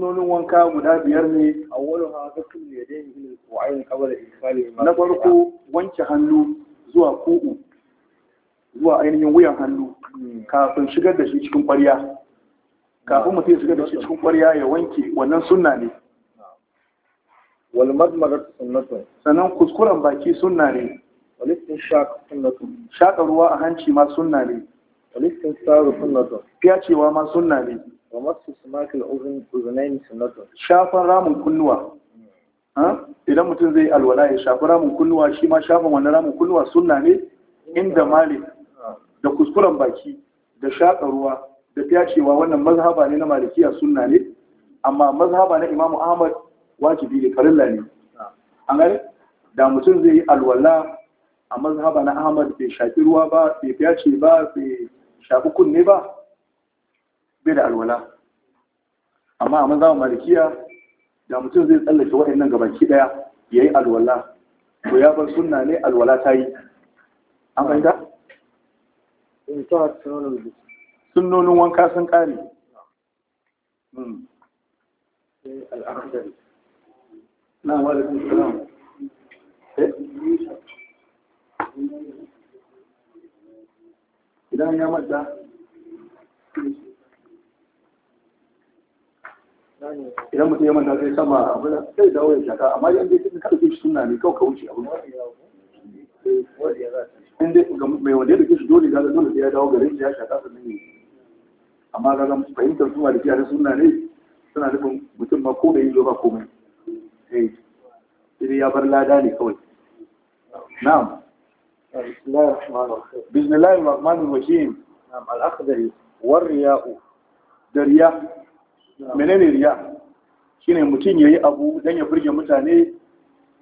sunnonin wanka guda biyar ne a wurin hakan ne da yin ilil wa'ayin kabar isfali na farko wanke hannu zuwa ku'u zuwa ainihin wuyan hannu hmm. kafin shigar da shi cikin ƙwarya kafin mutum ya shigar da shi hmm. cikin ƙwarya ya wanke wannan sunna ne hmm. wal madmarat sunnatun sannan kuskuren baki sunna ne walistin istinshaq sunnatun shaƙa ruwa a hanci ma sunna ne walistin istinsaru sunnatun fiyacewa ma sunna ne masakil uzunain sunnatun shafan ramin kunnuwa hmm. idan mutum zai alwala ya shafi ramin kunnuwa shi ma shafan wannan ramin kunnuwa sunna ne inda malik hmm. da kuskuren baki da shaƙa ruwa da fyacewa wannan mazhaba ne na malikiya sunna ne amma mazhaba na imamu ahmad wajibi ne farilla ne hmm. an gane da mutum zai yi alwala a mazhaba na ahmad bai shaƙi ruwa ba bai fyace ba bai shafi kunne ba bai da alwala amma a mazhaban malikiya da mutum zai tsallake gaban ki daya ya yi alwala to ya bar sunna ne alwala ta yi an fahimta sunnonin wanka sun kare hmm. na walaikun salam eh? idan ya mata idan mutum ya manta sai sama abu da sai dawo ya shaka amma yan dai ka dauke shi sunna ne kawai ka wuce abu in dai mai wanda da dauke shi dole ga dole sai ya dawo garin shi ya shaka sannan ne amma ga fahimtar suna da kiyaye sunna ne suna nufin mutum ma ko da yin ba komai eh sai ya bar lada ne kawai na'am بسم الله الرحمن الرحيم بسم الله الرحمن الرحيم نعم الأخضر والرياء درياء menene riya shine mutum ya yi abu don ya burge mutane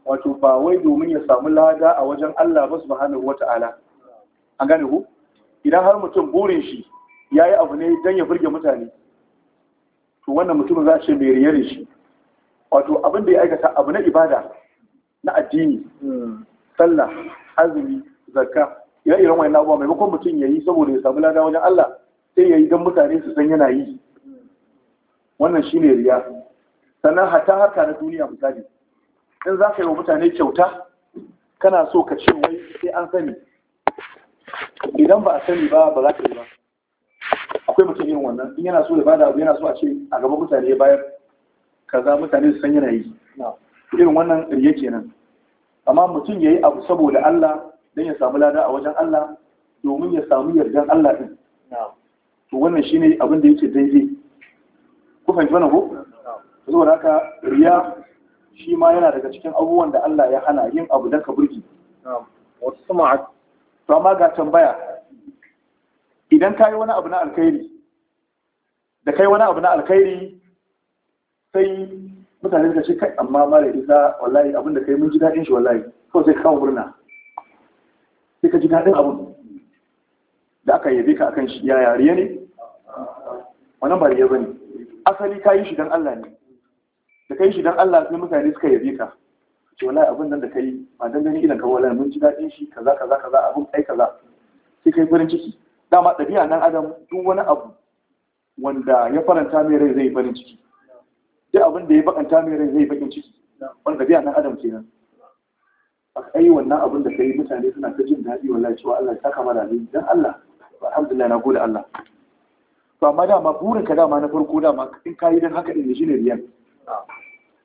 wato ba wai domin ya samu lada a wajen Allah ba su bahanahu wata'ala a gane ku idan har mutum burin shi ya yi abu ne don ya burge mutane to wannan mutum za ce mai riyar shi wato abin da ya aikata abu na ibada na addini sallah azumi zakka ire-iren wayan abuwa maimakon mutum ya yi saboda ya samu lada wajen Allah sai ya yi don mutane su san yana yi wannan shi ne riya sannan hata harka na duniya misali in za ka yi wa mutane kyauta kana so ka ce wai sai an sani idan ba a sani ba ba za ka yi ba akwai mutum yin wannan in yana so da bada abu yana so a ce a gaba mutane bayar kaza mutane su san yana yi irin wannan riya kenan amma mutum ya yi abu saboda Allah don ya samu lada a wajen Allah domin ya samu yardan Allah din to wannan shine abin da yake daidai fahimci wannan Zuwa da haka riya shi ma yana daga cikin abubuwan da Allah ya hana yin abu da ka burge wasu sama to amma ga tambaya idan ka yi wani abu na alkhairi da kai wani abu na alkhairi sai mutane suka ce kai amma mara isa wallahi abin da kai mun ji daɗin shi wallahi kawai sai kawo murna sai ka ji daɗin abu da aka yabe ka akan shi yaya riya ne wannan ba riya bane asali ka yi shi don Allah ne da ka yi shi don Allah sai mutane suka yabe ka ce wallahi abin nan da ka yi ba dan gani idan ka wallahi mun ji daɗin shi kaza kaza kaza abin kai kaza sai kai farin ciki dama ɗabi'a nan adam duk wani abu wanda ya faranta mai rai zai farin ciki duk abin da ya bakanta mai rai zai bakin ciki wanda ɗabi'a nan adam kenan a kai wannan abin da ka yi mutane suna ta jin daɗi wallahi cewa Allah ya saka mara ne dan Allah alhamdulillah na gode Allah to amma dama burin ka dama na farko dama in ka yi don haka ɗin shi ne riyan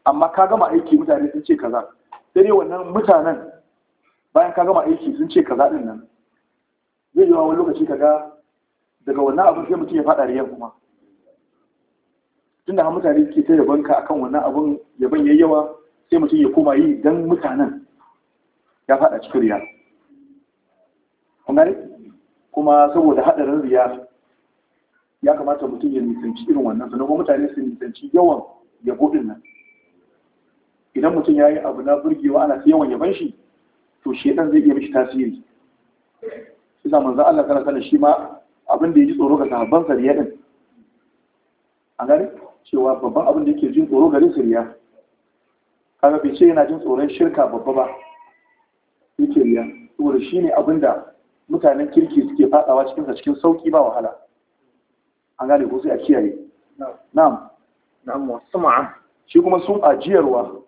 amma ka gama aiki mutane sun ce kaza sai dai wannan mutanen bayan ka gama aiki sun ce kaza ɗin nan zai yi wani lokaci kaga daga wannan abin sai mutum ya faɗa riyan kuma tunda har mutane ke ta yaban ka akan wannan abin yaban yayi yawa sai mutum ya koma yi dan mutanen ya faɗa cikin riya kuma saboda haɗarin riya ya kamata mutum ya nisanci irin wannan sannan kuma mutane su nisanci yawan ya gudun nan idan mutum ya yi abu na burgewa ana ta yawan yaban shi to shi dan zai iya mishi tasiri Ina manzan Allah kana sanin shi ma abin da ya ji tsoro ga sahabban sariya din a gani cewa babban abin da yake jin tsoro garin su riya kaga bai ce yana jin tsoron shirka babba ba yake riya saboda shine abin da mutanen kirki suke fadawa cikin cikin sauki ba wahala an gane ko sai a kiyaye na'am na'am shi kuma sum'a ajiyarwa.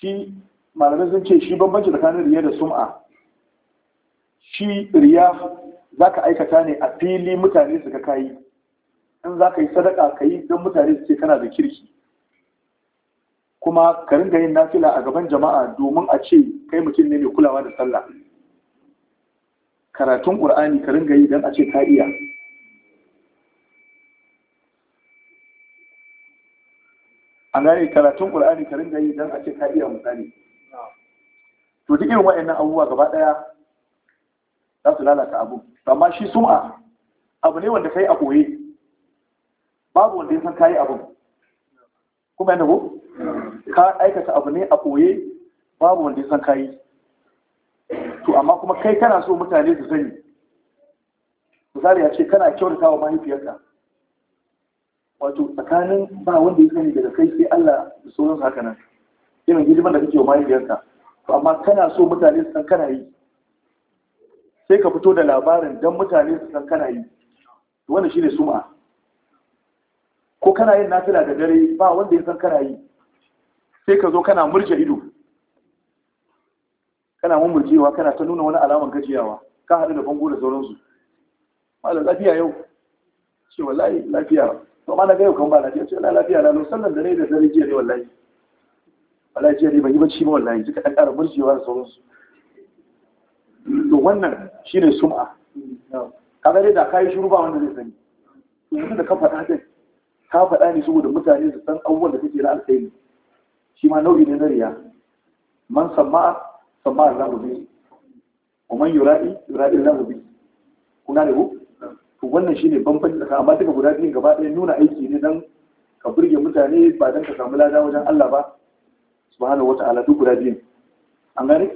shi malamai sun ce shi bambanci tsakanin riya da sum'a shi riya za ka aikata ne a fili mutane su ka kayi in za ka yi sadaka ka yi don mutane su ce kana da kirki kuma ka ringa yin nafila a gaban jama'a domin a ce kai mutum ne mai kulawa da sallah karatun ƙur'ani ka ringa yi don a ce ka iya an gane karatun qur'ani ka ringa yi dan ake ce ka iya misali to duk irin wa'annan abubuwa gaba daya za su lalata abu amma shi sum'a abu ne wanda kai a koye babu wanda ya san kayi abu kuma yana ko ka aikata abu ne a koye babu wanda ya san kayi to amma kuma kai kana so mutane su sani misali ya ce kana kyautata wa mahaifiyarka wato tsakanin ba wanda ya sani daga kai sai Allah da sauran haka nan irin hidiman da kake wa mahaifiyarka to amma kana so mutane su san kana yi sai ka fito da labarin don mutane su san kana yi wannan shine suma ko kana yin nafila da dare ba wanda ya san kana yi sai ka zo kana murje ido kana murjewa kana ta nuna wani alaman gajiyawa ka haɗu da bango da sauransu da lafiya yau ce wallahi lafiya to ma na ga yau kan ba lafiya ce na lafiya na sallan da ne da dare jiya ne wallahi wallahi jiya ne ban yi bacci ba wallahi suka ɗan ƙara burjewa da sauransu to wannan shine sum'a kaga dai da kayi shiru ba wanda zai sani to yanzu da ka faɗa din ka faɗa ne saboda mutane su san abubuwan da kake na alkhairi shi ma nau'i ne na riya man samma samma Allahu bi wa man yura'i yura'i Allahu bi kuna ne ku to wannan shine bambanci tsakanin amma duka guda biyu gaba ɗaya nuna aiki ne don ka burge mutane ba don ka samu lada wajen Allah ba subhanahu ta'ala duk guda biyu an gane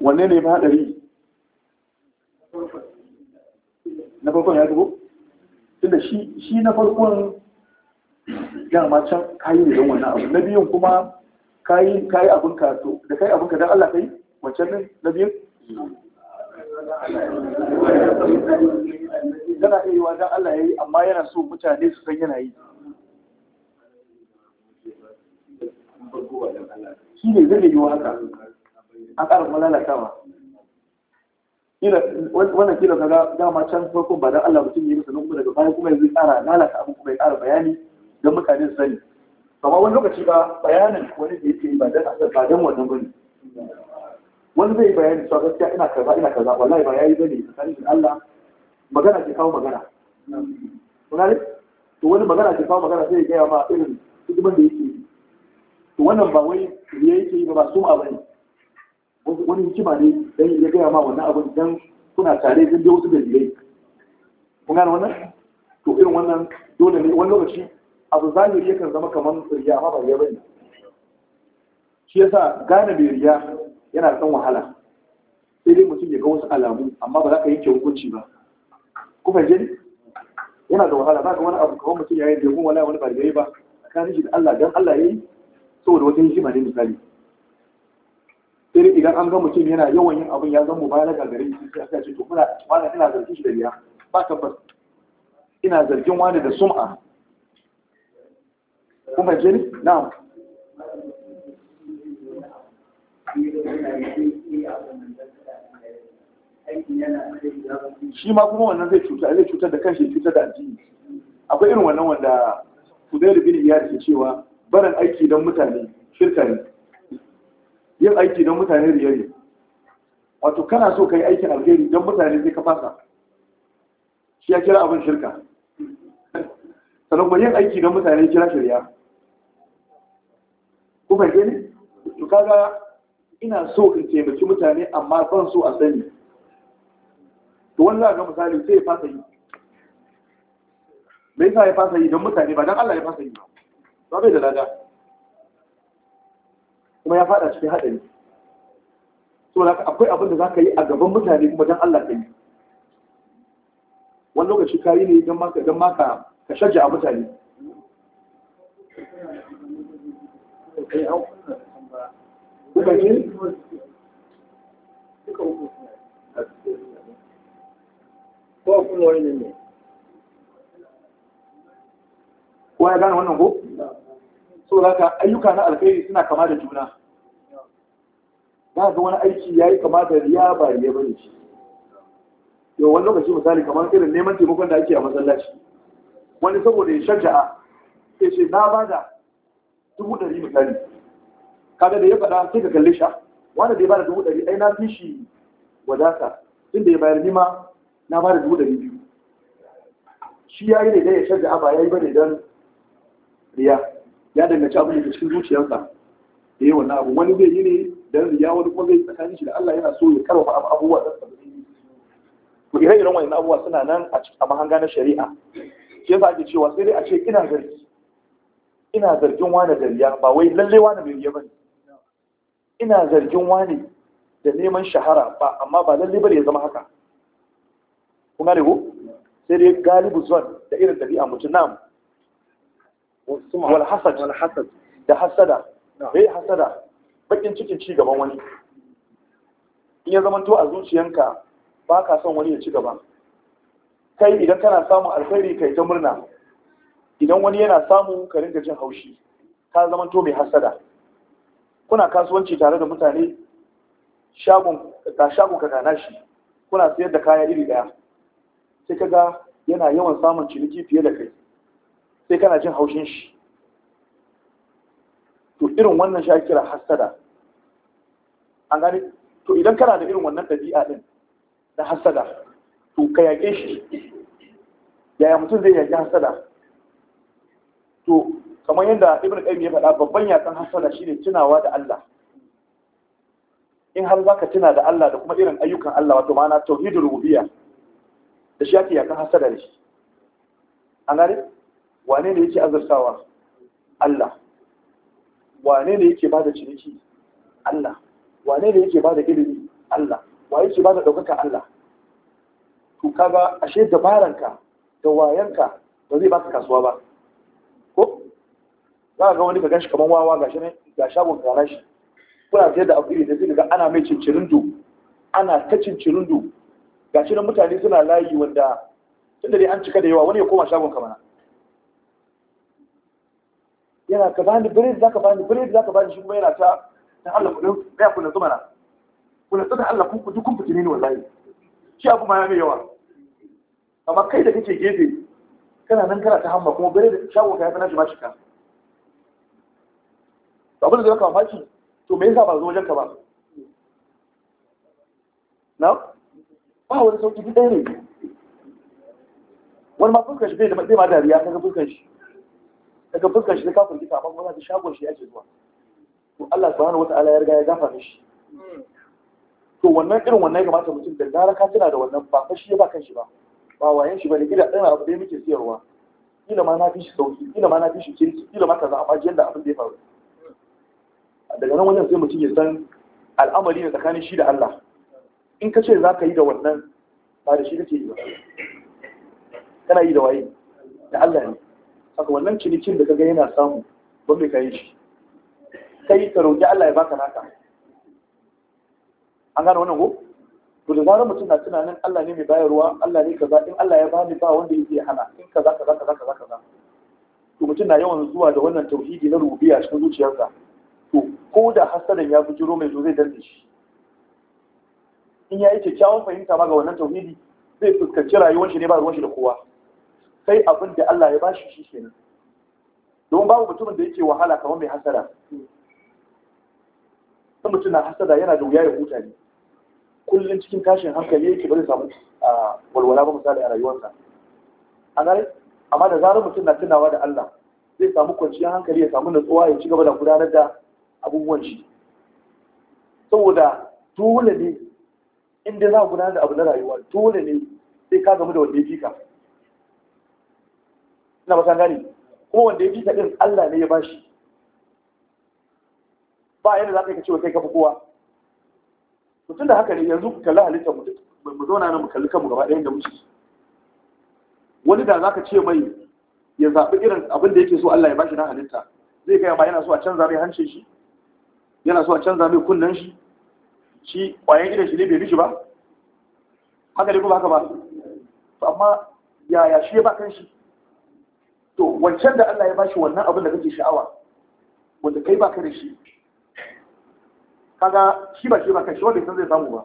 wanne ne ba hadari na farkon ya dubo tunda shi shi na farkon dama can kayi ne don wannan abu na biyun kuma kayi kayi abin ka to da kayi abin ka dan Allah kai wancan ne na biyun tana iya yiwa don Allah ya yi, amma yana so mutane su san yana yi shi ne zai wa haka a ƙara kuma lalatawa wannan kila kaga dama can farko ba don Allah mutum ya yi masa kuma daga baya kuma yanzu ƙara lalata abin kuma ya ƙara bayani don mutane su sani amma wani lokaci ba bayanin wani da yake yi ba dan ba dan wannan bane wani zai bayani cewa gaskiya ina kaza ina kaza wallahi ba yayi bane tsakanin Allah magana ke kawo magana kuna ne to wani magana ke kawo magana sai ya gaya ma irin hidiman da yake yi to wannan ba wai ya yake yi ba su ma bane wani hikima ne dan ya gaya ma wannan abin dan kuna tare dan da wasu dalilai kuna ne wannan to irin wannan dole ne wani lokaci abu zahiri yakan zama kamar riya amma ba riya bane shi yasa gane bai riya yana da wahala sai dai mutum ya ga wasu alamu amma ba za ka yanke hukunci ba Kuma fahimce yana da wahala Ba ka wani abu kawai mutum ya da domin wala wani ba da yayi ba ka shi da Allah dan Allah yayi saboda wata hikima ne misali sai idan an ga mutum yana yawan yin abin ya zama mubalaga gare shi sai aka ce to kuna wani ina zargin shi da riya ba tabbas ina zargin wani da sum'a kuma jini na'am shi ma kuma wannan zai cuta zai cutar da kanshi cutar da addini akwai irin wannan wanda zai bin ya ke cewa barin aiki don mutane shirka ne yin aiki don mutane riya ne wato kana so ka yi aikin alheri don mutane sai ka fasa shi ya kira abin shirka sannan kuma yin aiki don mutane kira shirya Kuma fahimce ne to kaga ina so in taimaki mutane amma ban so a sani to wani za ga misali sai ya fasa yi me yasa ya fasa yi don mutane ba don Allah ya fasa yi ba ba bai da lada kuma ya fada cikin haɗari so da akwai abin da za ka yi a gaban mutane kuma don Allah ka yi wani lokaci kayi ne don maka don maka ka shajja a mutane Kuka ce? Kuka ko kuma wani ne ya gane wannan ko so ayyuka na alkhairi suna kama da juna za ga wani aiki ya yi kama da riya ba riya bane shi yau wani lokaci misali kamar irin neman taimakon da ake a masallaci wani saboda ya shaja'a sai ce na ba da dubu ɗari misali kaga da ya faɗa sai ka kalle sha ah, wanda da ya ba da dubu ɗari ai na fi shi wadata tun da ya bayar nima na ba da dubu ɗari biyu shi ya yi ne dai ya shadda aba ya yi bane don riya ya danganci abin da cikin zuciyarsa da yawan abu wani zai yi ne don riya wani kuma zai tsakanin shi da Allah yana so ya karfafa abubuwa da sabbin to ire-iren wani abubuwa suna nan a mahanga na shari'a shi yasa ake cewa sai dai a ce ina zargi ina zargin wani da riya ba wai lalle wani mai riya bane ina zargin wani da neman shahara ba amma ba lalle bane ya zama haka kuma ne ku sai dai galibu zuwa da irin ɗabi'a mutum na. wal hasad da hasada eh Hassada. bakin cikin ci gaban wani in ya zamanto a zuciyanka ba ka son wani ya ci gaba kai idan kana samun alkhairi kai ta murna idan wani yana samun karin gajin jin haushi ka zamanto mai hassada kuna kasuwanci tare da mutane shagon ka ka kana shi kuna sayar da kaya iri daya sai kaga yana yawan samun ciniki fiye da kai sai kana jin haushin shi to irin wannan shi kira hasada an gani. to idan kana da irin wannan ɗabi'a din na hasada to ka yaƙe shi yaya mutum zai yaƙi hasada to kamar yadda ibn ƙaimi ya faɗa babban yakan hasada shine tunawa da Allah in har ka tuna da Allah da kuma irin ayyukan Allah wato ma'ana tauhidul rububiyya da shi ake yakan hasada da shi A gare, wane ne yake azurtawa Allah wane ne yake bada ciniki Allah wane ne yake bada ilimi Allah wane yake bada ɗaukaka Allah to kaga ashe dabaranka da wayanka ba zai baka kasuwa ba ko za ga wani ka ganshi kamar wawa shi ne ga shagon gara shi kuna sayar da abu iri da zai ga ana mai cincirindo ana ta cincirindo gashi nan mutane suna layi wanda tunda dai an cika da yawa wani ya koma shagon mana. yana ka bani biredi zaka bani biredi zaka bani shi kuma yana ta ta Allah kudin kai kuna zuma na kuna tsada Allah ku duk kun fitine ni wallahi shi abu ma ya mai yawa amma kai da kake gefe kana nan kana ta hamma kuma biredi shago ka ya fana shi ma shika abin da zaka maki to me yasa ba zo wajenka ba na ba wani sauki duk ɗaya ne wani ma fuskar shi bai ma dariya ta ga fuskar shi daga fuskar shi ta kafin kita amma wani shagon shi ake zuwa to Allah subhanahu wata'ala ya riga ya gafa shi to wannan irin wannan ya kamata mutum da zara ka tana da wannan ba fa shi ya ba kanshi ba ba wayan shi ba ne kila ɗana abu da muke siyarwa kila ma na fi shi sauki kila ma na fi shi kirki kila ma kaza amma jiyan da abin da ya faru daga nan wajen sai mutum ya san al'amari ne tsakanin shi da Allah in ka ce za ka yi da wannan ba da shi kake yi ba kana yi da waye da Allah ne saka wannan cinikin da kaga yana samu ban bai kai shi kai ka roƙi Allah ya baka naka an gano wannan ko to da zarar mutum na tunanin Allah ne mai bayarwa Allah ne kaza in Allah ya bani ba wanda yake hana in kaza kaza kaza kaza kaza to mutum na yawan zuwa da wannan tauhidi na rubiya cikin zuciyarsa to ko da hasadan ya fi jiro mai zo zai danne shi in ya yi kyakkyawan fahimta ma ga wannan tauhidi zai fuskanci rayuwar shi ne ba ruwan da kowa sai abin da Allah ya bashi shi kenan don babu mutumin da yake wahala kamar mai hasara in mutum na hasada yana da wuya ya huta ne kullum cikin tashin hankali yake bari samu walwala ba misali a rayuwarsa a gare amma da zarar mutum na tunawa da Allah zai samu kwanciyar hankali ya samu natsuwa ya ci gaba da gudanar da abubuwan shi saboda dole ne inda za a gudanar da abu na rayuwa dole ne sai ka gamu da wanda ya fi ka ina ba ta kuma wanda ya fi ka din Allah ne ya bashi ba yadda za ka yi cewa kai kafa kowa mutum da haka ne yanzu ku kalli halittar mu mu zauna nan mu kalli kanmu gaba ɗayan da muke wani da za ka ce mai ya zaɓi irin abin da yake so Allah ya bashi na halitta zai gaya ma yana so a canza mai hancin shi yana so a canza mai kunnen shi shi ƙwayan idan shi ne bai bishi ba haka ne kuma haka ba to amma yaya shi ya ba kan shi to wancan da Allah ya ba shi wannan abin da kake sha'awa wanda kai ba ka shi kaga shi ba shi ba kan shi wanda zai samu ba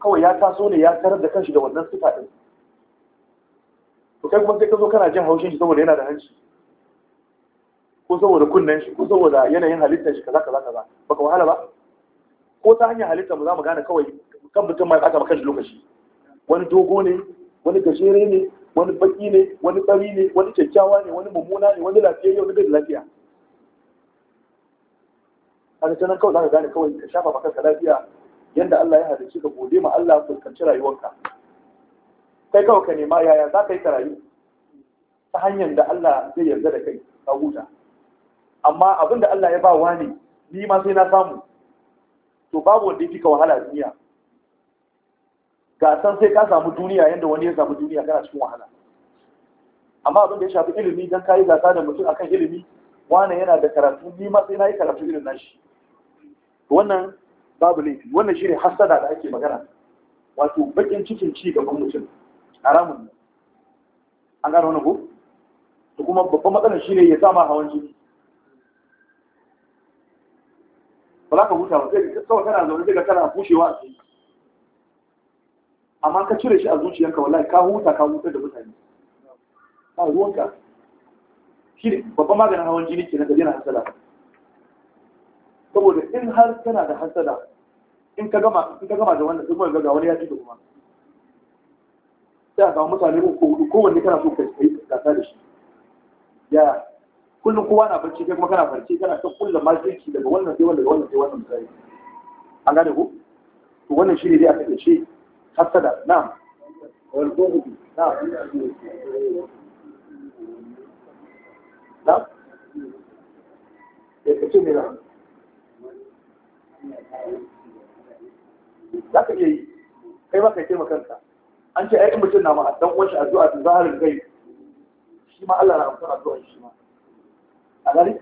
kawai ya taso ne ya tarar da kanshi da wannan suka ɗin to kai kuma sai ka zo kana jin haushin shi saboda yana da hanci ko saboda kunnen shi ko saboda yanayin halittar shi kaza kaza kaza baka wahala ba ko ta hanyar halitta mu za mu gane kawai kan mutum mai aka makashi lokaci wani dogo ne wani gajere ne wani baki ne wani tsari ne wani kyakkyawa ne wani mummuna ne wani lafiya yau da lafiya a ta nan kawai za ka gane kawai ka shafa maka ka lafiya yadda Allah ya halicci ka gode ma Allah kanci rayuwarka kai kawai ka nema yaya za ka yi ta rayu ta hanyar da Allah zai yarda da kai ka huta amma abin da Allah ya ba wa ne ni ma sai na samu to babu wanda ya fika wahala duniya ga san sai ka samu duniya yadda wani ya samu duniya kana cikin wahala amma abin da ya shafi ilimi don kayi gasa da mutum akan ilimi wane yana da karatu ni ma sai na yi karatu irin nashi wannan babu laifi wannan shi ne hassada da ake magana wato bakin cikin ci gaban mutum ne. an gano wani ko to kuma babban matsalar shi ne ya sa ma hawan jini ba ka huta ba sai kawai kana zaune sai ka kana bushewa a tsaye amma ka cire shi a zuciyarka wallahi ka huta ka hutar da mutane ba ruwanka shi ne babban maganin hawan jini ke na da yana hasada saboda in har kana da hasada in ka gama in ka gama da wannan sai kuma ga wani ya ci da kuma sai a samu mutane uku hudu kowanne kana so ka yi kasa da shi ya kullum kowa na barci kai kuma kana barci, kana ta kullum makirci daga wannan sai wannan daga wannan sai wannan misali an gane ku to wannan shine dai a takaice hasada na'am wal bughd na'am na'am eh ce me na'am za ka iya yi kai ma kai taimaka kanka an ce ai mutum na ma dan uwan shi addu'a da zaharin gai shi ma Allah na amsa addu'a shi ma a gari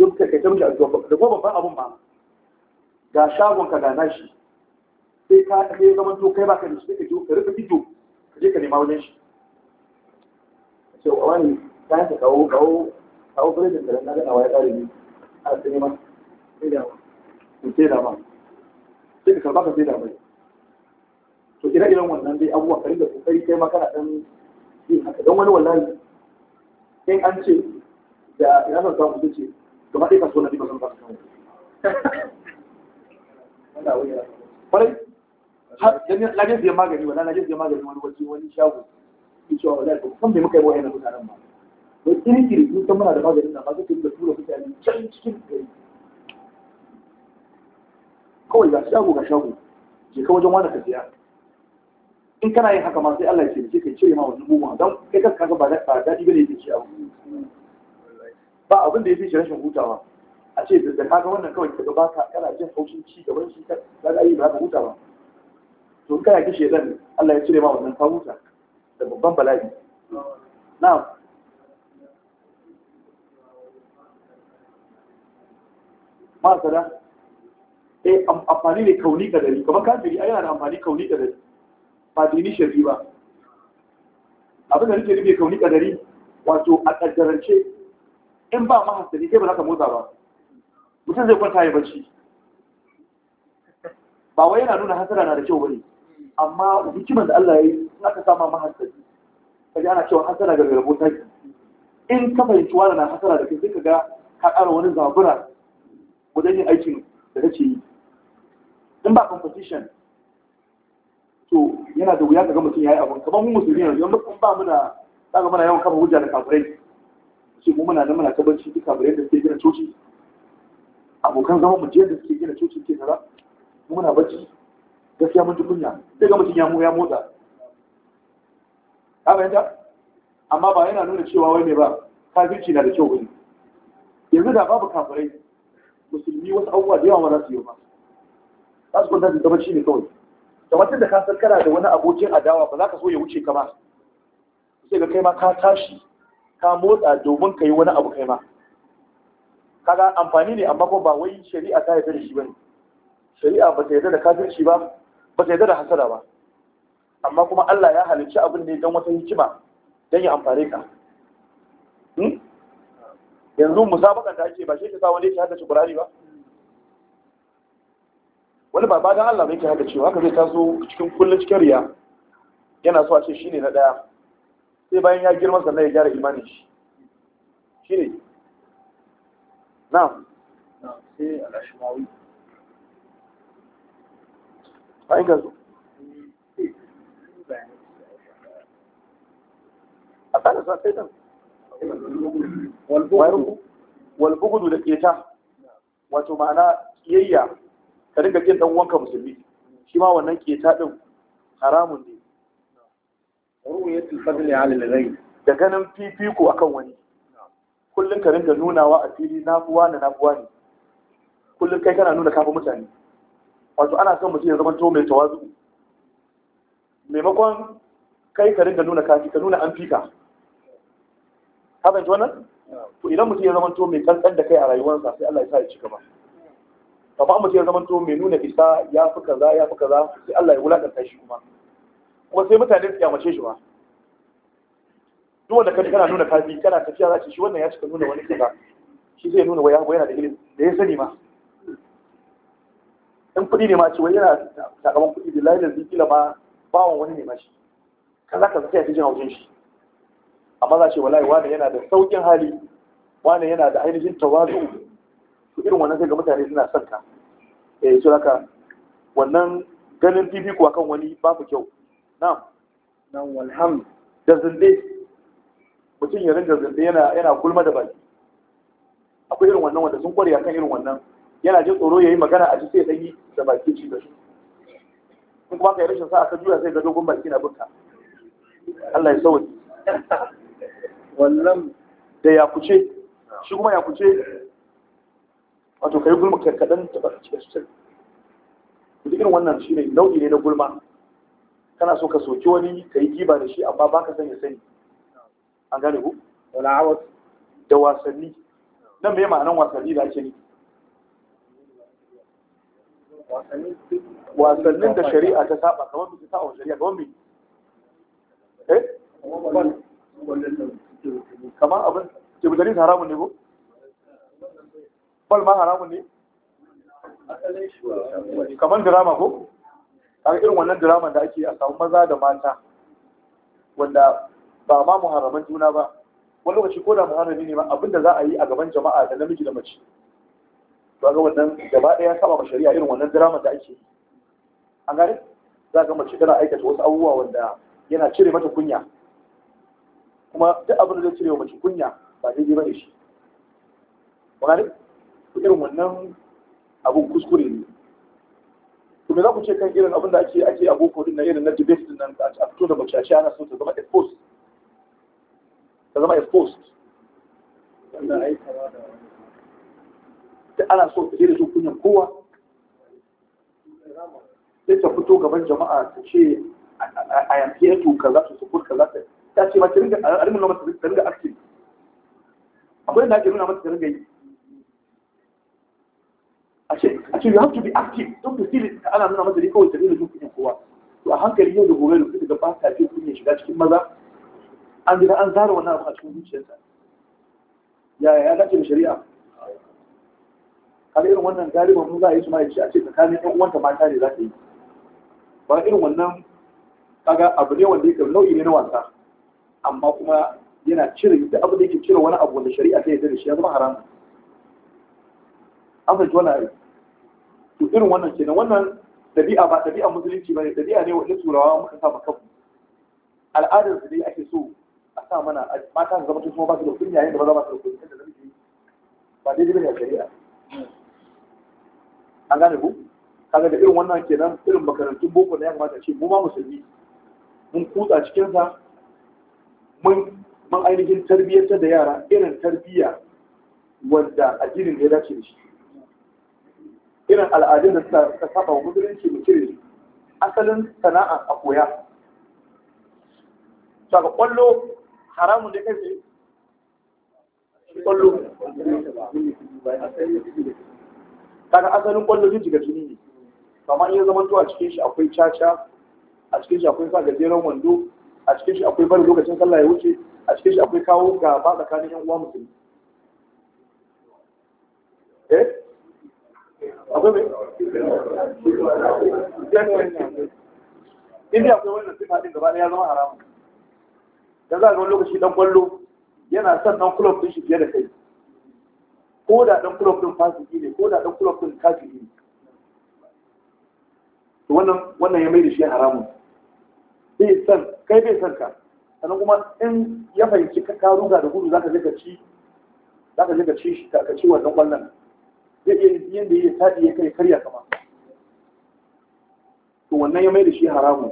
duk ka kai tamshi a zuwa da kuma babban abun ma ga shagon ka ga shi? sai ka kai zaman to kai baka da shi ka ka rika ido ka je ka nema wajen shi ce wa wani kayan ka kawo kawo kawo birnin da na gana ya ƙari ne a sai ma sai da ma sai ka karba ka sai da mai to ire-iren wannan dai abubuwa ka da kokari kai ma kana dan yin haka don wani wallahi in an ce da ina son samu ita ce gaba ɗaya kaso na ɗaya kaso na ba su kwarai na je magani wala na je magani wani waje wani shago in cewa wala ko kan bai muka yi wayan mutanen ba wai kiri kiri mun san muna da maganin da ba zai da tura mutane can cikin gari kawai ga shago ga shago je ka wajen wani ka siya in kana yin haka ma sai Allah ya ce kai cire ma wannan bugun don kai kanka ba daɗi bane yake ciyawa ba abin da ya fi shi rashin hutawa a ce da kaga wannan kawai kaga ba ka kana jin haushin ci gaban shi ka ga yi ba ka huta ba to in kana kishi dan Allah ya cire ma wannan ka huta da babban bala'i na'am ma sada eh amfani ne kauni ka dari kamar ka ai yana da amfani kauni ka dari ba dini shari'i ba abin da nake nufi kauni ka dari wato a kaddarance in ba mahasari sai ba za ka motsa ba mutum zai kwanta ya barci ba wai yana nuna hasara na da kyau bane amma hikimar da Allah ya yi in aka sama mahasari kaji ana cewa hasara ga rabo taki in ka fahimci wani na hasara da kai sai ka ga ka ƙara wani zabura wajen yin aikin da kake yi in ba competition to yana da wuya ka ga mutum ya yi abin kamar mu musulmi yanzu in ba mu da za ka mana yawan kafa hujja da kafirai ce mu muna da muna kabanci duka bare da suke gina coci abokan zama mu yadda da suke gina coci ke kaza mu muna bacci gaskiya mun ji kunya sai ga mutum ya mu ya motsa ka fahimta amma ba yana nuna cewa wai ne ba kafirci na da kyau bane yanzu da babu kafirai musulmi wasu abubuwa da yawa ma za su yi ba za su kwanta su gabaci ne kawai da mutum da ka san kana da wani abokin adawa ba za ka so ya wuce ka ba sai ga kai ma ka tashi ka motsa domin ka yi wani abu kai ma kaga amfani ne amma ko ba wai shari'a ta yarda da shi bane shari'a ba ta yarda da kafirci ba ba ta yarda da hasara ba amma kuma Allah ya halicci abin ne don wata hikima don ya amfare ka hmm? yanzu musabakan da ake ba shi ke sa wani yake haddace Qur'ani ba wani ba ba dan Allah bai ke haddace haka zai taso cikin kullu cikin riya yana so a ce shine na daya sai bayan ya girma sannan ya gyara imanin shi shi ne na sai a ƙasa sa walbugudu da keta wato ma'ana kiyayya ka dinga wanka musulmi shi ma wannan keta ɗin haramun ne ruwayatul fadli ala al-ghayr da ganin fifiko akan wani kullum ka rinka nunawa a fili na fuwa na nafuwa ne kullum kai kana nuna kafin mutane wato ana son mutum ya zama to mai tawazu maimakon kai ka rinka nuna kafi ka nuna an fika ka fahimci wannan to idan mutum ya zama to mai kankan da kai a rayuwarsa sai Allah ya sa ya ci gaba amma mutum ya zama to mai nuna isa ya fi kaza ya fi kaza sai Allah ya wulakanta shi kuma kuma sai mutane su yamace shi ba duk wanda kaji kana nuna kafi kana tafiya za shi wannan ya cika nuna wani kaza shi zai nuna waya yana da ilimi da ya sani ma in kuɗi ne ma ce wai yana sakamakon kuɗi da lalin zai kila ma bawan wani ne ma shi kaza za ka ya fi jin haushin shi amma za ce wallahi wani yana da sauƙin hali wani yana da ainihin tawazu ku irin wannan sai ga mutane suna son ka eh to haka wannan ganin bibiko akan wani babu kyau na'am nan walham da mutum yarin rinka yana yana kulma da baki akwai irin wannan wanda sun kware kan irin wannan yana jin tsoro yayi magana a ji sai yi da baki ci da shi in kuma ka yi rashin sa'a ka juya sai ga dogon baki na bunka Allah ya sauke wannan da ya kuce shi kuma ya kuce wato kai gulma kadan ta ba ci da shi duk irin wannan shine nau'i ne na gulma kana so ka soki wani ka yi giba da shi amma baka sanya sani an gane ku wala da wasanni nan me ma'anan wasanni da ake ni wasannin da shari'a ta saba kamar mai ta wa shari'a kamar mai eh kamar abin tebutalis haramun ne ko bal ma haramun ne kamar drama ko kaga irin wannan drama da ake a samu maza da mata wanda ba ma muharraman juna ba wani lokaci ko da muharrami ne ma abinda za a yi a gaban jama'a da namiji da mace ba ga wannan gaba ɗaya saba ma shari'a irin wannan drama da ake an gane za ga mace tana aikata wasu abubuwa wanda yana cire mata kunya kuma duk abin da zai cire wa mace kunya ba daidai ba ne shi wani irin wannan abun kuskure ne me za ku ce kan irin abin da ake ake a boko din na irin na debate din nan a fito da mace a ana so ta zama exposed ta zama exposed ta ana so ta irin su kunyan kowa sai ta fito gaban jama'a ta ce a yanke ya tuka za su sukur ka za ta ce ma ta ringa a ringa mata ta ringa active akwai da ake nuna mata ta ringa yi a ce you have to be active don ku sili ana nuna masa ne kawai tafi da duk kuɗin kowa to a hankali yau da gobe da kuka ga ba ta jin kuɗin shiga cikin maza an jira an zara wannan abu a cikin zuciyarsa yaya ya dace da shari'a Kada irin wannan galiban mun za a yi su ma yace a ce tsakanin ɗan uwanta mata ne za ta yi ba irin wannan kaga abu ne wanda yake nau'i ne na wasa amma kuma yana cire duk abu da yake cire wani abu wanda shari'a ta yarda da shi ya zama haram an fahimci wannan irin wannan kenan wannan dabi'a ba dabi'a musulunci ba ne dabi'a ne wani turawa muka sa maka al'adar su dai ake so a sa mana mata su zama kuma ba su da kunya yayin da ba za su da kunya da namiji ba daidai ne a shari'a an gane ku kaga da irin wannan kenan irin makarantun boko na yamma ta ce mu ma musulmi mun kutsa cikin sa mun mun ainihin tarbiyyantar da yara irin tarbiyya wanda addinin da ya dace da shi irin al'adun da suka saba wa musulunci mu cire asalin sana'a a koya saka kwallo haramun da kai kwallo saka asalin kwallo zai jiga jini ne kama iya zaman to a cikin shi akwai caca a cikin shi akwai sa gajeren wando a cikin shi akwai barin lokacin sallah ya wuce a cikin shi akwai kawo gaba tsakanin yan uwa musulmi akwai mai indiya akwai wannan sifa din gaba ya zama haramun da za ga wani lokaci dan kwallo yana son dan kulob din shi fiye da kai ko da dan kulob din fasiki ne ko da dan kulob din kafiri ne to wannan wannan ya mai da shi haramun bai san kai bai san ka sannan kuma in ya fahimci ka ruga da gudu zaka je ka ci zaka je ka ci shi ka ci wannan kwallon zai iya yadda ya taɗi ya kai karya kama to wannan ya mai da shi haramun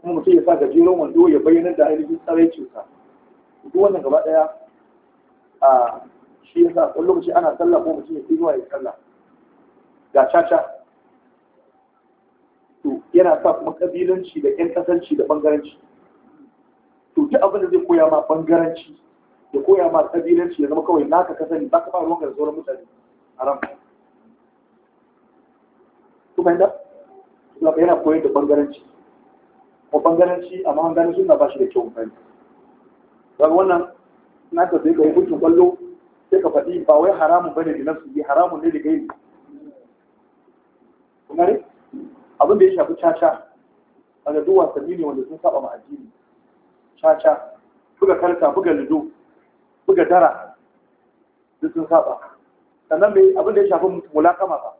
kuma mutum ya sa gajeren wando ya bayyana da ainihin tsaraicinsa duk wannan gaba ɗaya a shi ya sa wani lokaci ana sallah ko mutum ya fi zuwa ya sallah ga caca to yana sa kuma kabilanci da ƴan ƙasanci da ɓangaranci to duk abin da zai koya ma ɓangaranci ya koya ma kabilanci ya zama kawai naka ka sani ba ka ba ruwan ga sauran mutane haram kuma inda suna yana koyar da bangaranci ko bangaranci amma an gano suna ba shi da kyau bane daga wannan na ka sai ka hukuncin kwallo sai ka faɗi ba wai haramun bane da nafsu ne haramun ne da gaini kuma ne abin da ya shafi caca a da duk wasanni ne wanda sun saba ma addini caca buga karta buga lido buga dara duk sun saba sannan bai abin da ya shafi mulakama ba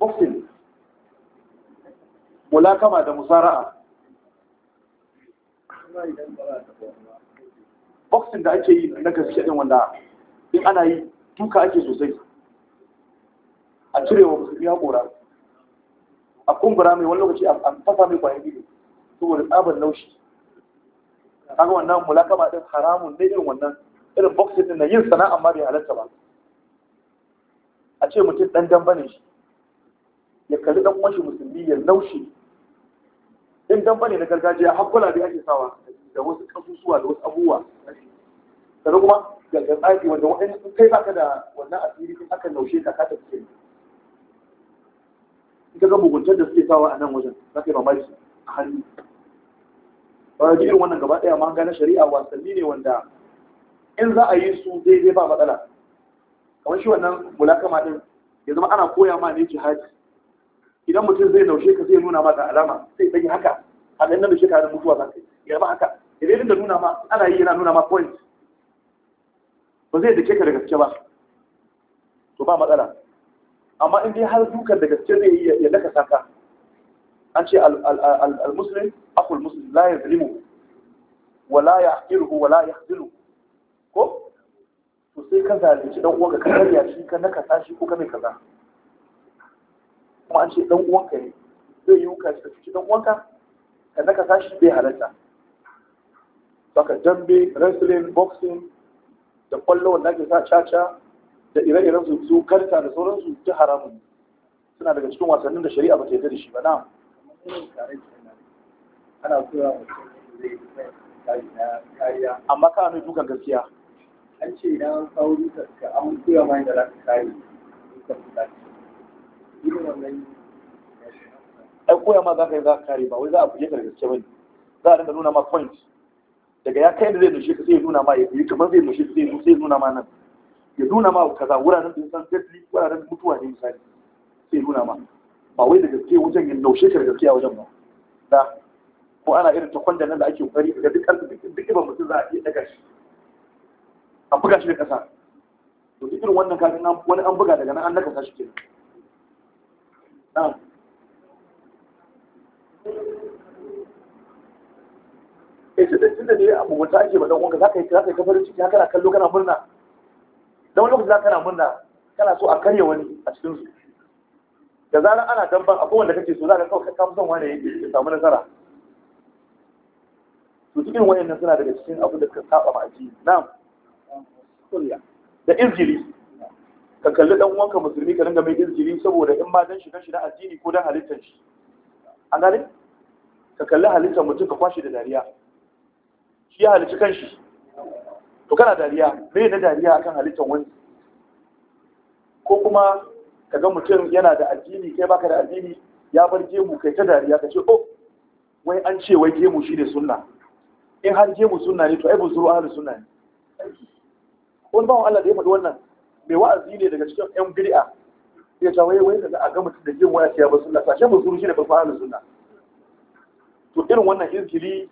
boxing mulakama da musara'a boxing da ake yi na gaske din wanda in ana yi duka ake sosai a cire wa musulmi haƙora a kumbura mai wani lokaci a fasa mai kwayar gini saboda tsabar laushi kaga wannan mulakama din haramun na irin wannan irin boxing din na yin sana'a ma bai halatta ba a ce mutum dan dan bane shi ya kalli dan uwan shi musulmi ya naushe in dan bane na gargajiya hakkula bai ake sawa da wasu kasusuwa da wasu abubuwa sannan kuma gangan tsaki wanda wa'in kai baka da wannan asiri kun aka naushe ka kata suke ita ga muguntar da suke sawa a nan wajen za ka yi mamaki a hannu ba da irin wannan gaba ɗaya ma gane shari'a wasanni ne wanda in za a yi su daidai ba matsala kamar shi wannan mulakama din ya zama ana koya ma ne jihadi idan mutum zai naushe ka zai nuna ma da alama sai ɗanyi haka a ɗan nan da shekarun mutuwa za ka yi ya ba haka idan yadda nuna ma ana yi yana nuna ma point ba zai dake ka da gaske ba to ba matsala amma in dai har dukan da gaske zai yi ya daka saka an ce al-muslim akul muslim la yazlimu wa la yahqiruhu wa la yahziluhu to sai ka zalunci dan uwanka ka karya shi ka naka shi ko ka mai kaza kuma an ce dan uwanka ne zai yi ka shi ci dan uwanka ka naka shi bai halatta ka dambe wrestling boxing da kwallo wanda ke sa caca da ire-iren su su karta da sauransu ta haramun suna daga cikin wasannin da shari'a ba ta yarda da shi ba na ana tura amma ka nufi dukan gaskiya an ce idan an kawo duka ka an koya ma da za ka kare duka fita irin wannan Ai koya ma za ka yi za ka kare ba wai za a fuje ka da gaske ba ne. za a dinga nuna ma point daga ya kai da zai nushe ka sai ya nuna ma ya yi kamar zai nushe sai ya nuna ma nan ya nuna ma kaza wuraren da san deadly wuraren mutuwa ne misali sai ya nuna ma ba wai da gaske wajen ya nushe ka da gaske a wajen ba da ko ana irin ta kwanda nan da ake kokari ga duk karfi duk ibon mutum za a iya daga shi a buga shi da ƙasa to irin wannan kafin wani an buga daga nan an nakasa shi kenan na'am ita eh, da tunda ne abu wata ake ba dan wanka? zaka yi zaka yi kafarin ciki haka na kallo kana murna dan wani lokaci zaka na murna kana so a karya wani a cikin su da zarar ana damban akwai wanda kake so za ka kawai ka fi son wani yake ya samu nasara to cikin wayannan suna daga cikin abin da suka saba ma aji na'am da izgiri ka kalli dan uwanka musulmi ka ringa mai izgiri saboda in ma dan shiga shi na addini ko dan halittar shi an gane ka kalli halittar mutum ka kwashi da dariya shi ya halicci kanshi to kana dariya me ne dariya akan halittar wani ko kuma ka ga mutum yana da addini kai baka da addini ya bar gemu kai ta dariya ka ce oh wai an ce wai gemu shi ne sunna in har gemu sunna ne to ai buzuru ahlus sunna ne wani bawan Allah da ya faɗi wannan mai wa'azi ne daga cikin ƴan bid'a ya ta waye waye daga a ga mutum da jin waya ya bar sunna sashe shi da farko ahlus sunna to irin wannan izkili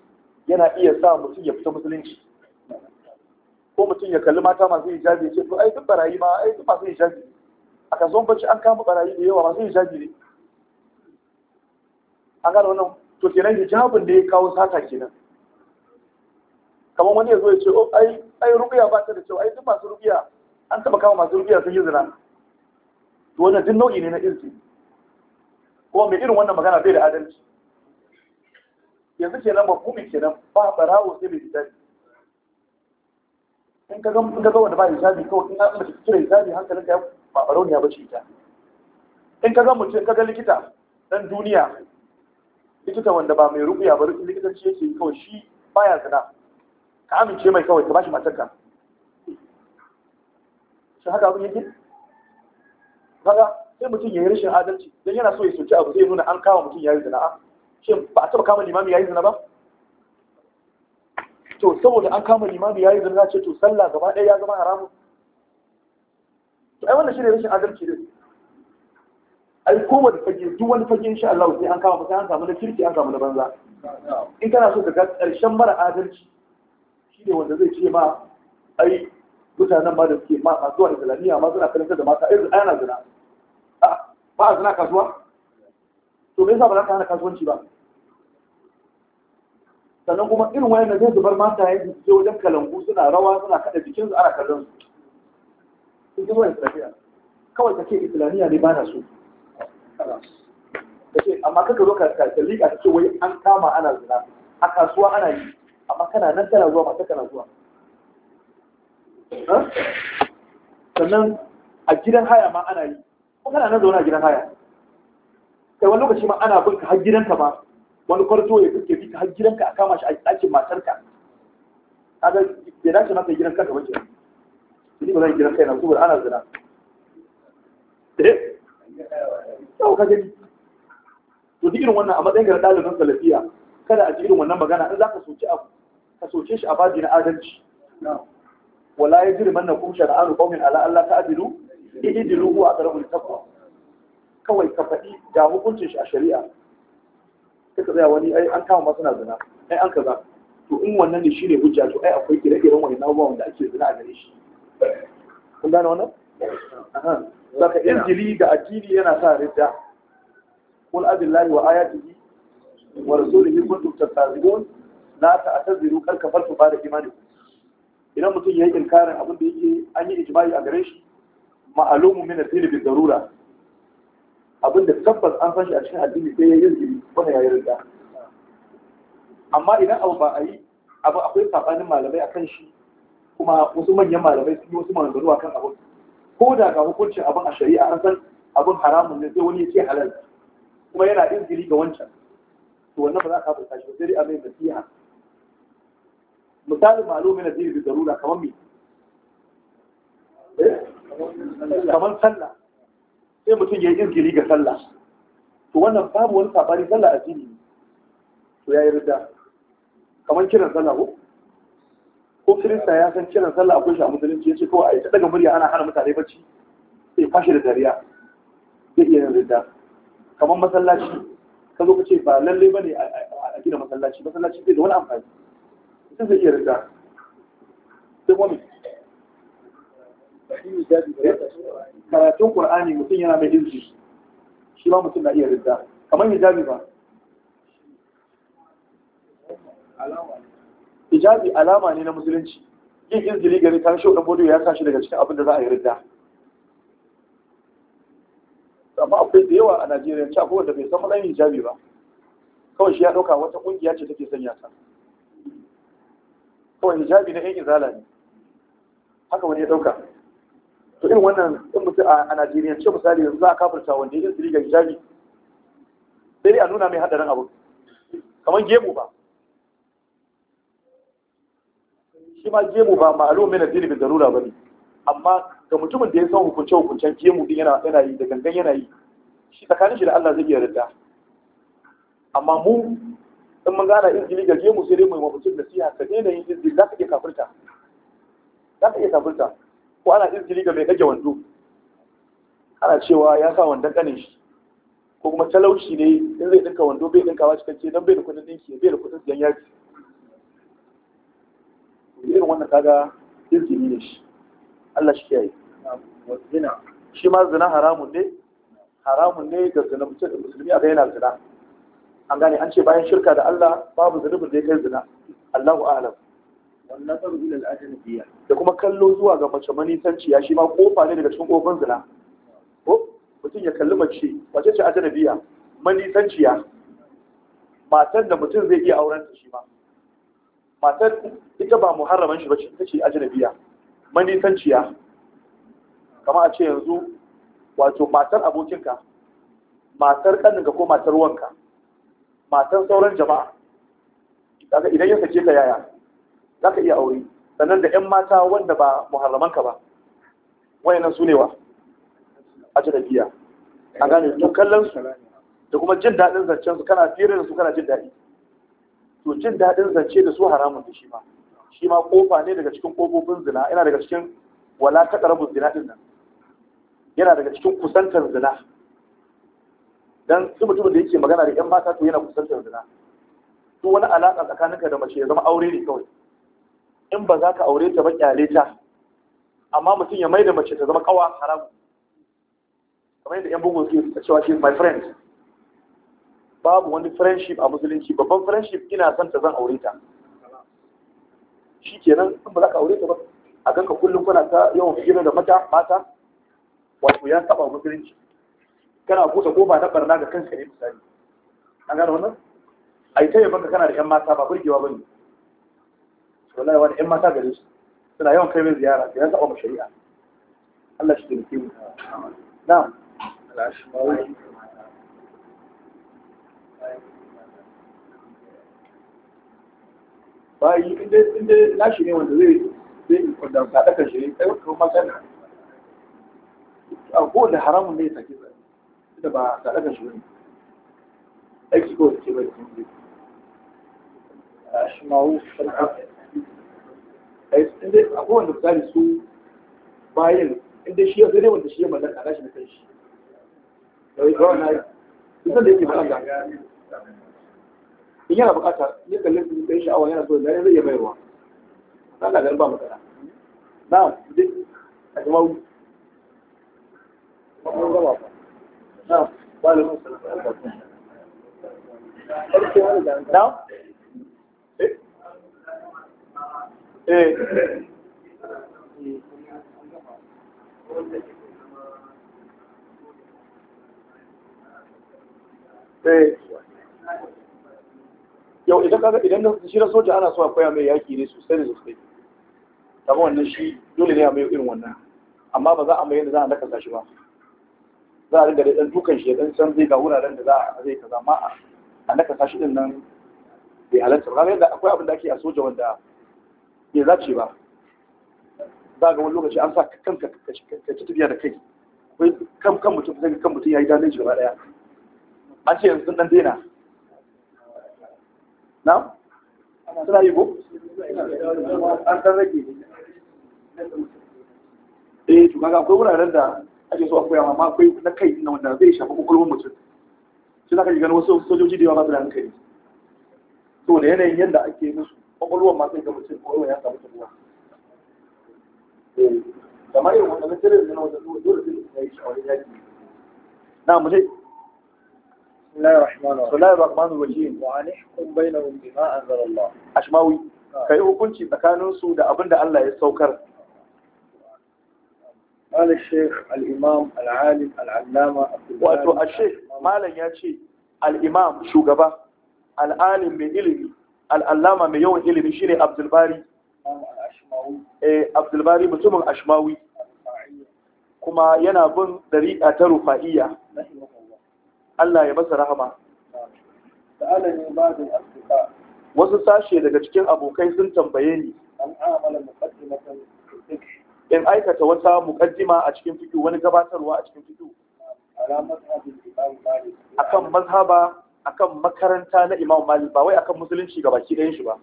yana iya sa mutum ya fita musulunci ko mutum ya kalli mata masu hijabi ya ce to ai duk barayi ma ai duk masu hijabi a kasuwan bacci an kama barayi da yawa masu hijabi ne an gane wannan to kenan hijabin da ya kawo sata kenan kamar wani ya zo ya ce oh ai rubiya ba ta da cewa ai duk masu rubiya an taba kama masu rubiya sun yi zina to wannan duk nau'i ne na irki ko mai irin wannan magana bai da adalci yanzu kenan ba kuma kenan ba barawo sai mai hijabi in ka gan ga wanda ba hijabi kawai in an mace kira hijabi hankalin ka ba barawo ne ba bace ita in ka gan mutum ka ga likita dan duniya likita wanda ba mai rubiya ba likitanci yake kawai shi baya zina ka amince mai kawai ka bashi matarka shi haka abin yake kaga sai mutum ya yi rashin adalci don yana so ya soki abu zai nuna an kama mutum ya yi zina shi ba a taba kama limami ya yi zina ba to saboda an kama limami ya yi zina ce to sallah gaba ɗaya ya zama haramun to ai wannan shi ne rashin adalci ne ai koma da fage duk wani fage insha Allah sai an kama mutum an samu na kirki an samu na banza in kana so ka ga ƙarshen mara adalci shi ne wanda zai ce ma ai mutanen ma da suke ma kasuwa islamiyya ma suna karanta da mata irin ana zina ba a zina kasuwa to me yasa ba za ka hana kasuwanci ba sannan kuma irin wayan zai zubar mata ya je wajen kalangu suna rawa suna kada jikinsu ana kallon su sun ji wayan tafiya kawai ka ce islamiyya ne ba na so amma kaka zo ka kalli ka ce wai an kama ana zina a kasuwa ana yi amma kana nan tana zuwa mata kana zuwa sannan a gidan haya ma ana yi ko kana nan zaune a gidan haya kai wani lokaci ma ana bin ka har gidanka ma wani kwarto ya fuske bi ka har gidanka a kama shi a ɗakin matarka kaga bai dace maka gidan kanka ba kenan ni ba zan gidan kai na saboda ana zina eh yau ka gani to duk irin wannan a matsayin ga ɗalibin salafiya kada a ji irin wannan magana in za ka soki abu ka soke shi a babi na adalci wala ya jiri na kuma shara'anu ƙaumin ala Allah ta adilu idilu huwa aqrabu littaqwa kawai ka faɗi ga hukuncin shi a shari'a ka tsaya wani ai an kama na zina ai an kaza to in wannan ne hujja to ai akwai ire-iren wani na wanda ake zina a gare shi kun gane wannan saka injili da addini yana sa ridda qul abillahi wa ayatihi wa rasulihi kuntum tastahzi'un la a ataziru kar ka farsu ba da imani idan mutum ya yi inkarin abin da yake an yi ijma'i a gare shi ma'alumu min addini bi darura abin da tabbas an san shi a cikin addini sai ya yi zikiri wanda ya yi rinda amma idan abu ba a yi abu akwai sabanin malamai akan shi kuma wasu manyan malamai sun yi wasu maganganu akan abin ko da ga hukuncin abin a shari'a an san abin haramun ne sai wani ya ce halal kuma yana izgiri ga wancan to wannan ba za ka furta shi sai dai a mai nasiha misali malumin da zai darura kamar me eh? kamar sallah sai mutum ya yi izgiri ga sallah to wannan babu wani sabari sallah a jini to ya yi rida kamar kiran sallah ko ko kirista ya san kiran sallah a kunshi a musulunci ya ce kawai a yi ta daga murya ana hana mutane bacci sai fashi da dariya zai iya yin rida kamar masallaci ka zo ka ce ba lallai ba ne a gina masallaci masallaci zai da wani amfani duk zai iya rinda duk wani karatun ƙur'ani mutum yana mai irji shi ma mutum na iya rinda kamar hijabi ba hijabi alama ne na musulunci yin izgili gari ta shi ɗan ya sa shi daga cikin abin da za a yi rinda amma akwai da yawa a najeriya ci akwai wanda bai san matsayin hijabi ba kawai shi ya ɗauka wata ƙungiya ce take sanya ta kawai hijabi na yan izala ne haka wani ya ɗauka to irin wannan in mutu a Najeriya ce misali yanzu za a kafirta wanda ya tsiri ga hijabi sai dai a nuna mai hadarin abu kamar gemu ba shi ma gemu ba ma'alum mai addini bi darura bane amma ga mutumin da ya san hukunce hukuncen gemu din yana yana yi da gangan yana yi shi tsakanin shi da Allah zai iya yarda amma mu in mun gana izgili ga gemu sai dai mai mafucin da siya ka daina yin izgili za ka iya kafirta za ka iya kafirta ko ana izgili ga mai ɗage wando ana cewa ya sa wandon ƙanin shi ko kuma talauci ne in zai ɗinka wando bai ɗinkawa cikakke don bai da kudin ɗinki bai da kudin siyan yaki irin wannan kaga izgili ne shi Allah shi kiyaye shi ma zina haramun ne haramun ne ga zina mutum musulmi a ga yana zina an gane an ce bayan shirka da Allah babu zunubin da ya kai zina Allahu a'lam wannan tsaro ilal ajnabiyya da kuma kallo zuwa ga mace manisanciya shi ma kofa ne daga cikin kofin zina ko mutum ya kalli mace wace ce ajnabiya manisanciya matar da mutum zai iya auren ta shi ma matar ita ba muharraman shi bace ita ce ajnabiya manisanciya kamar a ce yanzu wato matar abokinka matar ɗaninka ko matar wanka matan sauran jama'a kaga idan ya sake ka yaya za ka iya aure sannan da 'yan mata wanda ba ka ba wayannan su ne wa ajarabiya a gane to kallon su da kuma jin daɗin zancen su kana fira da su kana jin daɗi to jin daɗin zance da su haramun da shi ma shi ma kofa ne daga cikin kofofin zina yana daga cikin wala ta ƙarabin zina ɗin nan yana daga cikin kusantar zina dan su mutum da yake magana da yan mata to yana kusantar zina to wani alaka tsakaninka da mace ya zama aure ne kawai in ba za ka aure ta ba kyale ta amma mutum ya mai da mace ta zama kawa haram kamar yadda yan bugun suke cewa she my friend babu wani friendship a musulunci babban friendship ina son ta zan aure ta shikenan in ba za ka aure ta ba a ganka kullum kuna ta yawan fiye da mata mata wato ya saba musulunci kana kusa ko ba na barna ga kanka ne misali an gano wannan ai yi tayyar kana da ƴan mata ba burgewa bane wallahi wani ƴan mata gare su suna yawan kai mai ziyara da ya taɓa mu shari'a Allah shi dinki mu na bayi inda inda lashi ne wanda zai zai kwanda ka daka shi sai wata kuma kana ko da haramun ne ya sake zai da ba ta ɗaga shi bane expo ce bai sun shi ma'u inda a kowane misali su bayan inda shi ya zai wanda shi ya mallaka na shi na kan shi yau ga wani isan da yake mallaka in yana bukata ya kallon su kai sha'awa yana so da zai iya bayarwa na ga ba matsala na a jama'u ba ba ba yau idan kaga idan da shi da soja ana so a koya mai yaki ne sosai da sosai kaga wannan shi dole ne a mai irin wannan amma ba za a mai yadda za a nakasa shi ba za a rigar da ɗan dukan shi ɗan san zai ga wuraren da za a zai kaza ma a naka sashi ɗin nan bai halatta ba yadda akwai abin da ake a soja wanda bai zace ba za ga wani lokaci an sa kanka ka ci tafiya da kai akwai kan kan mutum kan kan mutum yi dalilin gaba ɗaya. an ce yanzu ɗan daina na suna yi ko an ɗan rage eh to kaga akwai wuraren da ake so a koya ma akwai na kai na wanda zai shafi kwakwalwar mutum shi za ka yi gani wasu sojoji da yawa ba su da hankali da yanayin yadda ake musu kwakwalwar masu sai ga mutum kwakwalwar ya samu tabuwa kamar eh, irin wanda na tirin na wanda dole sai ya yi shawarar yaki na mu dai بسم الله الرحمن الرحيم بسم الله الرحمن الرحيم وأن احكم بينهم بما أنزل الله أشماوي كي أكون شيء مكانه سودا قال الشيخ الإمام العالم العلامة وأتو الشيخ مالا ياتي الإمام شو قبا العالم من إلمي العلامة من يوم إلمي شيني عبد الباري عبد الباري mutumin ashmawi kuma yana bin dariƙa ta rufa'iyya Allah ya masa rahama wasu sashe daga cikin abokai sun tambaye ni in aikata wata mukaddima a cikin fito, wani gabatarwa a cikin fito, akan mazhaba akan makaranta na Imam Malik ba wai akan musulunci ga baki ɗayan shi ba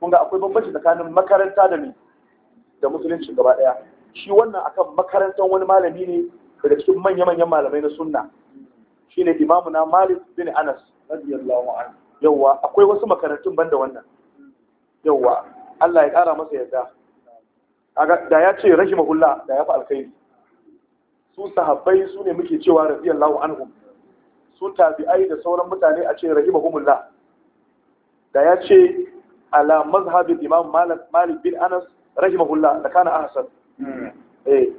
kun ga akwai bambanci tsakanin makaranta da ne da musulunci gaba ɗaya shi wannan akan makarantar wani malami ne daga cikin manya-manyan malamai na sunna shine imamu na Malik bin Anas radiyallahu anhu yawa akwai wasu makarantun banda wannan yawa Allah ya ƙara masa yadda. da ya ce rahimahullah da ya fi alkhairi su sahabbai su ne muke cewa radiyallahu anhum su tabi'ai da sauran mutane a ce rahimahumullah da ya ce ala mazhabin imam malik bin anas rahimahullah da kana ahsan hmm. eh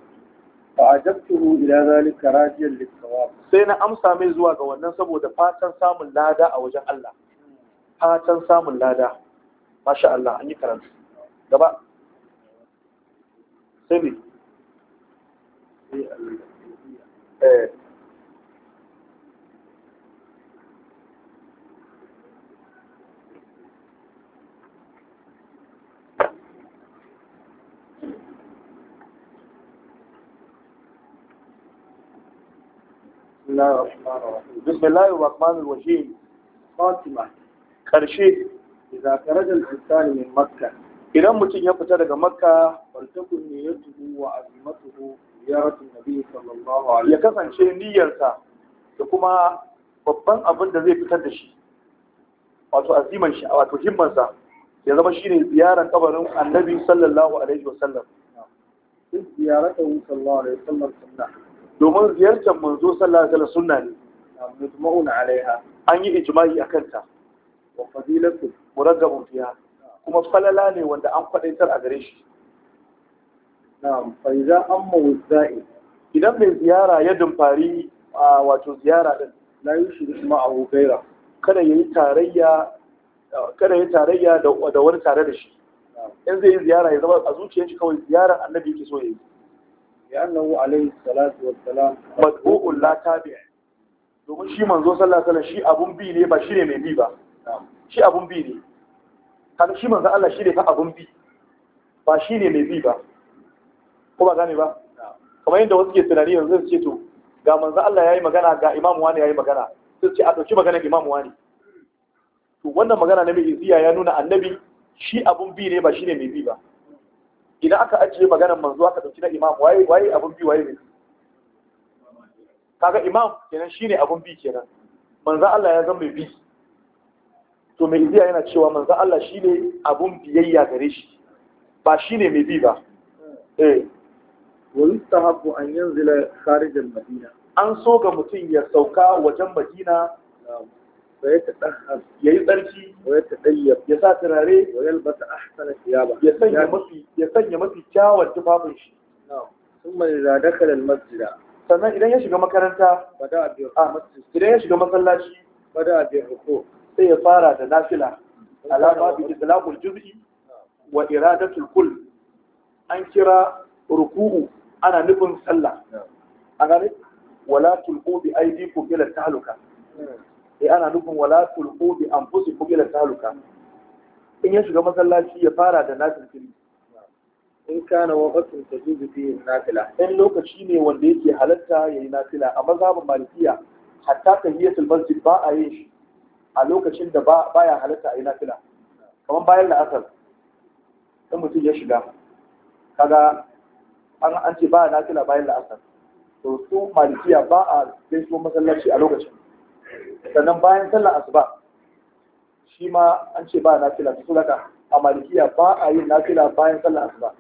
ajabtuhu ila zalika rajiyan lis-sawab sai na amsa mai zuwa ga wannan saboda fatan samun lada a wajen Allah fatan samun lada masha Allah an yi karatu gaba آه. بسم الله الرحمن الرحيم فاطمة كرشي إذا خرج الحسان من مكة idan mutum ya fita daga makka faltakun ne ya tuhu wa azimatuhu ziyaratin nabi sallallahu alaihi ya kasance niyyarsa da kuma babban abin da zai fitar da shi wato aziman shi wato himmansa ya zama shine ziyarar kabarin annabi sallallahu alaihi wa sallam. wasallam ziyaratu sallallahu alaihi wasallam sunna domin ziyartar manzo sallallahu alaihi wasallam sunna ne mujma'un alaiha an yi ijma'i akan ta wa fadilatu muraggabun fiha kuma falala ne wanda an kwadaitar a gare shi na'am fa idza amma wuzai idan mai ziyara ya dumfari wato ziyara din la yushrik ma'ahu ghaira kada yayi tarayya kada yayi tarayya da wani tare da shi in zai yi ziyara ya zama a zuciyar shi kawai ziyara annabi yake so yayi لأنه عليه الصلاة والسلام مدعو لا تابع domin shi manzo sallallahu alaihi wasallam shi abun bi ne ba shi ne mai bi ba shi abun bi ne kaga shi manzo Allah shi ne fa abun bi ba shi ne mai bi ba ko ba gane ba kamar yadda wasu ke tunani yanzu su ce to ga manzo Allah yayi magana ga Imam Wani yayi magana su ce a dauki magana Imam Wani to wannan magana na mai ya nuna annabi shi abun bi ne ba shi ne mai bi ba idan aka ajiye maganar manzo aka dauki na imam waye waye abun bi waye ne kaga imam kenan shine abun bi kenan manzo Allah ya zama mai bi to mai biya yana cewa manzan Allah shi ne abun biyayya gare shi ba shi ne mai bi ba eh wani haku an zila kharijin madina an so ga mutum ya sauka wajen madina ya yi tsarki ya sa turare ya sanya mafi kyawar tufafin shi sannan idan ya shiga makaranta ah, idan ya shiga masallaci sai ya fara da nafila alama bi idlaqul juz'i wa iradatul kull an kira ruku'u ana nufin sallah an gane wala tulqu bi aydikum ila tahluka eh ana nufin wala tulqu bi anfusikum ila tahluka in ya shiga masallaci ya fara da nafila in kana waqtun tajuzu fi nafila in lokaci ne wanda yake halatta yayi nafila a mazhabin malikiya hatta tahiyatul masjid ba a yin shi a lokacin da baya halatta a yi nafila kamar bayan la'asar ɗan mutum ya shiga kaga an ce ba a nafila bayan la'asar to su malikiya ba a gaisuwar masallaci a lokacin sannan bayan sallar asuba shi ma an ce ba nafila su daga a malikiya ba a yin nafila bayan sallar asuba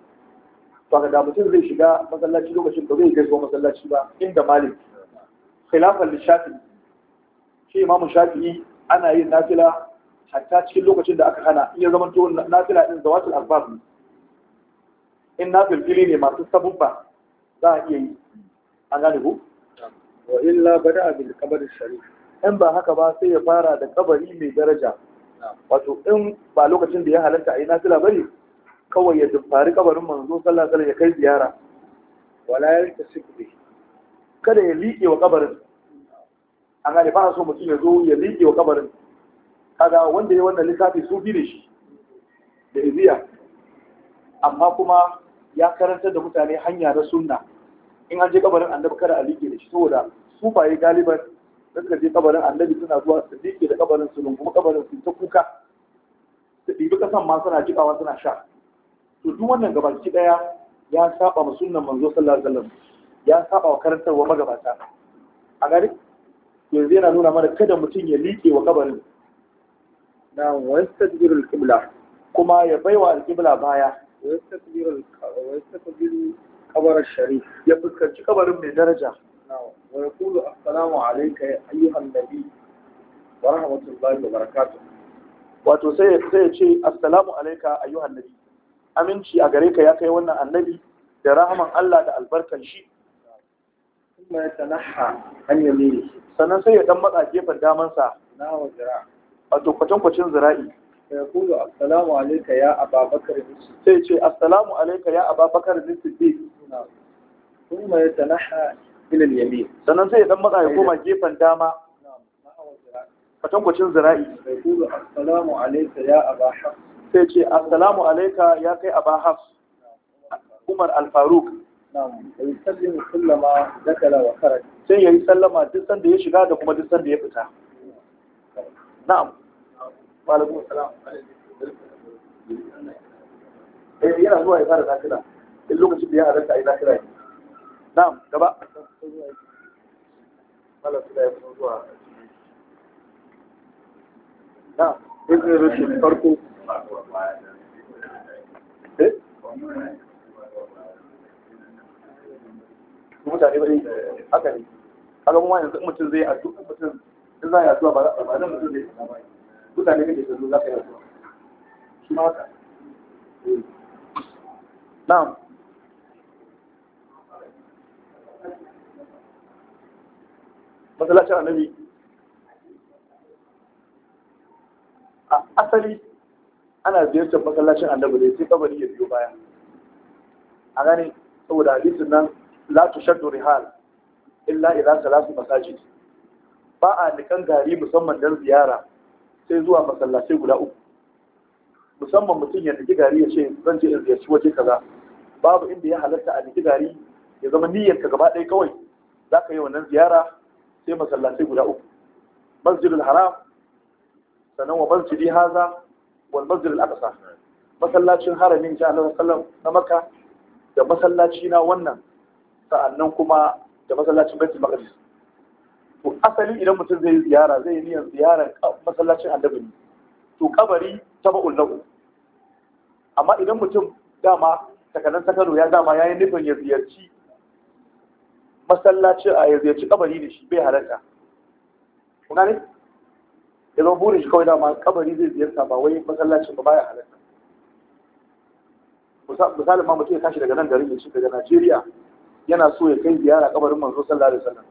to ga mutum zai shiga masallaci lokacin da zai gaisuwa masallaci ba inda malik khilafan lishafi shi imamu shafi'i ana yin nafila hatta cikin lokacin da aka hana in ya zama to nafila din zawatul asbab ne in nafil fili ne masu sabubba za a iya yi an gane ku wa illa bada bil qabr sharif in ba haka ba sai ya fara da kabari mai daraja wato in ba lokacin da ya halatta ayi nafila bane kawai ya dumfari kabarin manzo sallallahu alaihi wasallam ya kai ziyara wala yalta sikbi kada ya liƙe wa kabarin an gane ba a so mutum ya zo ya liƙe wa kabarin kaga wanda ya wannan littafi su bi ne shi da iziya amma kuma ya karanta da mutane hanya na sunna in an je kabarin annabi kada a liƙe da shi saboda sufaye galiban da suka je kabarin annabi suna zuwa su liƙe da kabarin su lungumi kabarin su ta kuka su ɗibi ƙasan ma suna jiƙawa suna sha to duk wannan gabaki ɗaya ya saba ma sunnan manzo sallallahu alaihi wasallam ya saba wa karantarwa magabata a gari yanzu yana nuna mana kada mutum ya liƙe wa kabarin na wastadbiru al-qibla kuma ya baiwa al-qibla baya wastadbiru wastadbiru kabar sharif ya fuskanci kabarin mai daraja wa yaqulu assalamu alayka ayyuhan nabi wa rahmatullahi wa barakatuh wato sai ya ce assalamu alayka ayyuhan nabi aminci a gare ka ya kai wannan annabi da rahaman Allah da albarkan shi kuma ma tanaha hanyar ne sannan sai ya dan matsa gefen damansa na wa zira wato kwacin zira'i sai ya kulu assalamu alaika ya ababakar nisu sai ce assalamu alaika ya ababakar nisu bi kuma ya tanaha ilil yami sannan sai ya dan matsa ya koma gefen dama kwatankwacin zira'i ya kulu assalamu alayka ya abahaf sai ce assalamu alayka ya kai abahaf Umar al-Faruq Na'am, yusallimu kullama dakala wa kharaj. Sai yayi sallama duk sanda ya shiga da kuma duk sanda ya fita. Na'am. Wa alaikum salam. Eh yana zuwa ya fara zakira. In lokacin da ya halarta ai zakira. Na'am, gaba. Malam da ya fito zuwa. Na'am, ibn Rushd farko. Eh? mutane ba ne haka ne kaga mu yanzu mutum zai a duk mutum in za ya addu'a ba ba nan mutum zai tsaya ba mutane kake da za ka yi addu'a shi ma haka na'am masallacin annabi a asali ana ziyartar masallacin annabi ne sai kabari ya biyo baya a gani saboda hadisin nan la tushaddu rihal illa idza salasu masajid ba a nikan gari musamman dan ziyara sai zuwa masallatai guda uku musamman mutum ya niki gari ya ce zan je in ziyarci waje kaza babu inda ya halatta a niki gari ya zama niyyar ka gaba ɗaya kawai za ka yi wannan ziyara sai masallatai guda uku masjidul haram sannan wa masjidi haza wal masjidul aqsa masallacin haramin jihar na makka da masallaci na wannan sa'annan kuma da masallacin baitul maqdis to asali idan mutum zai ziyara zai yi niyyar ziyarar masallacin annabi ne to kabari tabu'un lahu amma idan mutum dama takanan sakaro ya dama yayin nufin ya ziyarci masallaci a ya ziyarci kabari da shi bai halarta kuna ne ya zama burin shi kawai dama kabari zai ziyarta ba wai masallacin ba baya halarta misalin ma mutum ya tashi daga nan garin ya ce daga najeriya yana so ya kai ziyara kabarin manzo sallallahu alaihi wasallam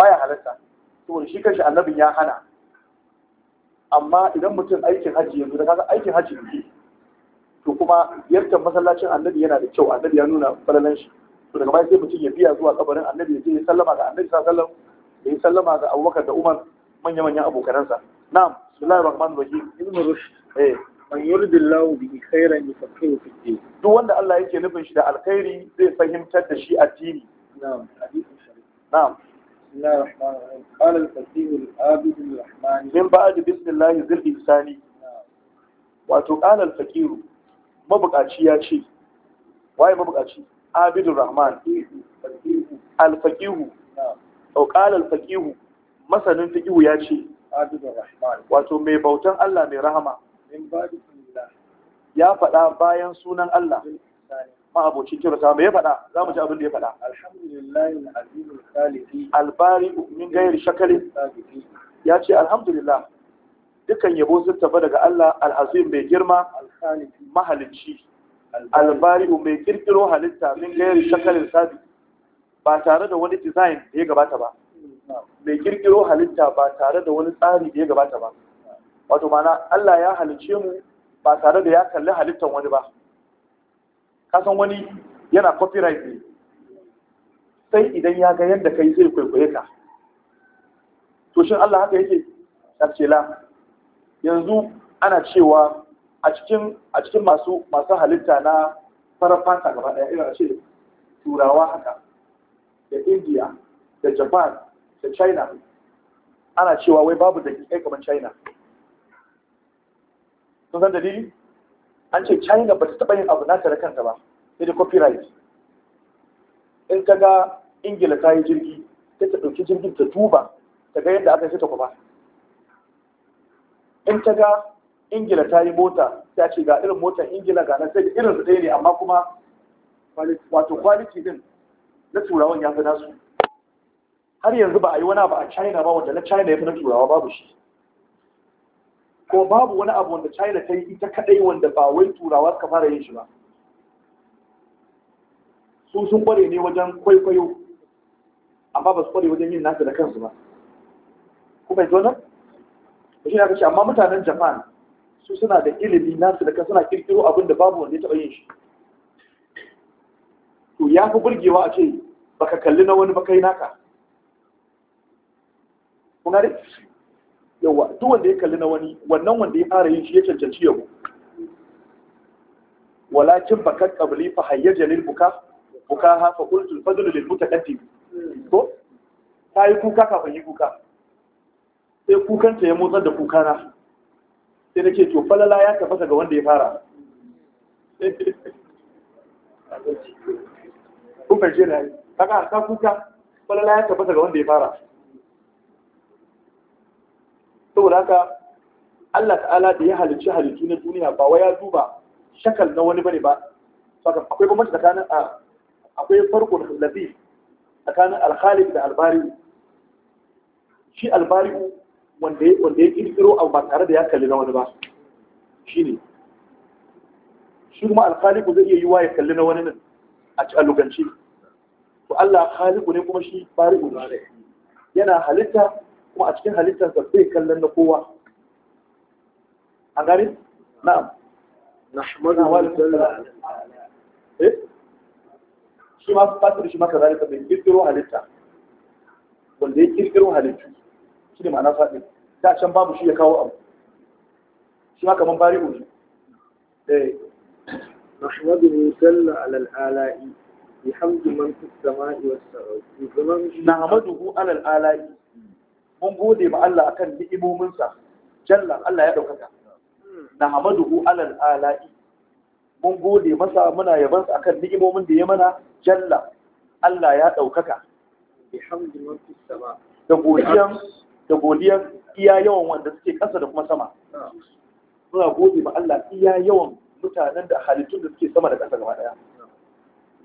baya halatta saboda shi kanshi annabin ya hana amma idan mutum aikin hajji yanzu da kaga aikin hajji ne to kuma ziyartar masallacin annabi yana da kyau annabi ya nuna falalan shi to daga baya sai mutum ya biya zuwa kabarin annabi ya je ya sallama ga annabi sallallahu alaihi wasallam ya sallama ga abubakar da umar manya-manyan abokanansa na'am bismillahir rahmanir rahim ibn rushd eh man yuridillahu bihi khairan yufaqihu fi din duk wanda Allah yake nufin shi da alkhairi zai fahimtar da shi addini na'am hadisin sharif na'am قال الفقيه العابد الرحمن من بعد بسم الله ذي wato ƙalar fakiru mabuƙaci ya ce abidun rahman alfakihu au masanin fakihu ya ce wato mai bautan allah mai rahma. ya faɗa bayan sunan Allah ma'abocin kyauta mai ya faɗa za mu ci abin da ya faɗa albari min gayar shakalin ya ce alhamdulillah dukan yabo sun tafi daga Allah alhazim mai girma mahalicci albari mai kirkiro halitta min gayar shakalin sabi ba tare da wani design da ya gabata ba mai kirkiro halitta ba tare da wani tsari da ya gabata ba wato mana Allah ya halice mu ba tare da ya kalli halittar wani ba kasan wani yana copyright ne sai idan ya ga yadda kai zai kwaikwaye ka to shin Allah haka yake tafsila yanzu ana cewa a cikin a cikin masu masu halitta na farar fata gaba daya irin a ce turawa haka da India da Japan da China ana cewa wai babu da kai kamar China sun zan dalili an ce china ba ta taɓa yin abu nata da kanta ba sai da copyright in ka ga ingila ta yi jirgi sai ta ɗauki jirgin ta duba ta ga yadda aka yi ta kuma in ta ga ingila ta yi mota ta ce ga irin motar ingila ga nan sai irin su ɗaya ne amma kuma wato kwaliti din na turawan ya fi nasu har yanzu ba a yi wani abu a china ba wanda na china ya fi na turawa babu shi ko babu wani abu wanda china ta yi ita kadai wanda ba wai turawa suka fara yin shi ba su sun kware ne wajen kwaikwayo amma ba su kware wajen yin nasu da kansu ba kuma yanzu wannan ba shi ne amma mutanen japan su suna da ilimi nasu da kansu suna kirkiro abin da babu wanda ya taɓa yin shi to ya fi burgewa a ce baka kalli na wani ba kai naka yawa duk wanda ya kalli na wani wannan wanda ya fara yin shi ya cancanci yabo walakin bakat qabli fa hayyaja lil buka buka ha fa qultu al lil mutaqaddim ko ta yi kuka kafin yi kuka sai kukanta ya motsar da kukana sai nake to falala ya tafasa ga wanda ya fara kun fahimce na ka kuka falala ya tafasa ga wanda ya fara saboda haka Allah ta'ala da ya halicci halittu na duniya ba wa ya duba shakal na wani bane ba saka akwai bambanci tsakanin a akwai farkon lafi tsakanin alkhaliq da albari shi albari wanda wanda ya kirkiro abu ba tare da ya kalli na wani ba shine shi kuma alkhaliq zai iya wa ya kalli na wani nan a ci aluganci to Allah khaliqu ne kuma shi bari'u ne yana halitta kuma a cikin halittarsa zai kallon na kowa A gani na'am nahmadu wa eh shi ma fatir shi maka kazalika bai kirkiro halitta wanda ya kirkiro halittu shi ne ma'ana faɗi da can babu shi ya kawo abu shi ma kamar bari uji eh nahmadu jalla ala al'ala'i bihamdi man fis sama'i was sarra'i nahmaduhu mun gode ma Allah akan ni'imominsa jalla Allah ya daukaka na hamaduhu alal ala'i mun gode masa muna yabansa akan ni'imomin da ya mana jalla Allah ya daukaka da godiyan da godiyan iya yawan wanda suke kasa da kuma sama muna gode ma Allah iya yawan mutanen da halittun da suke sama da kasa gaba daya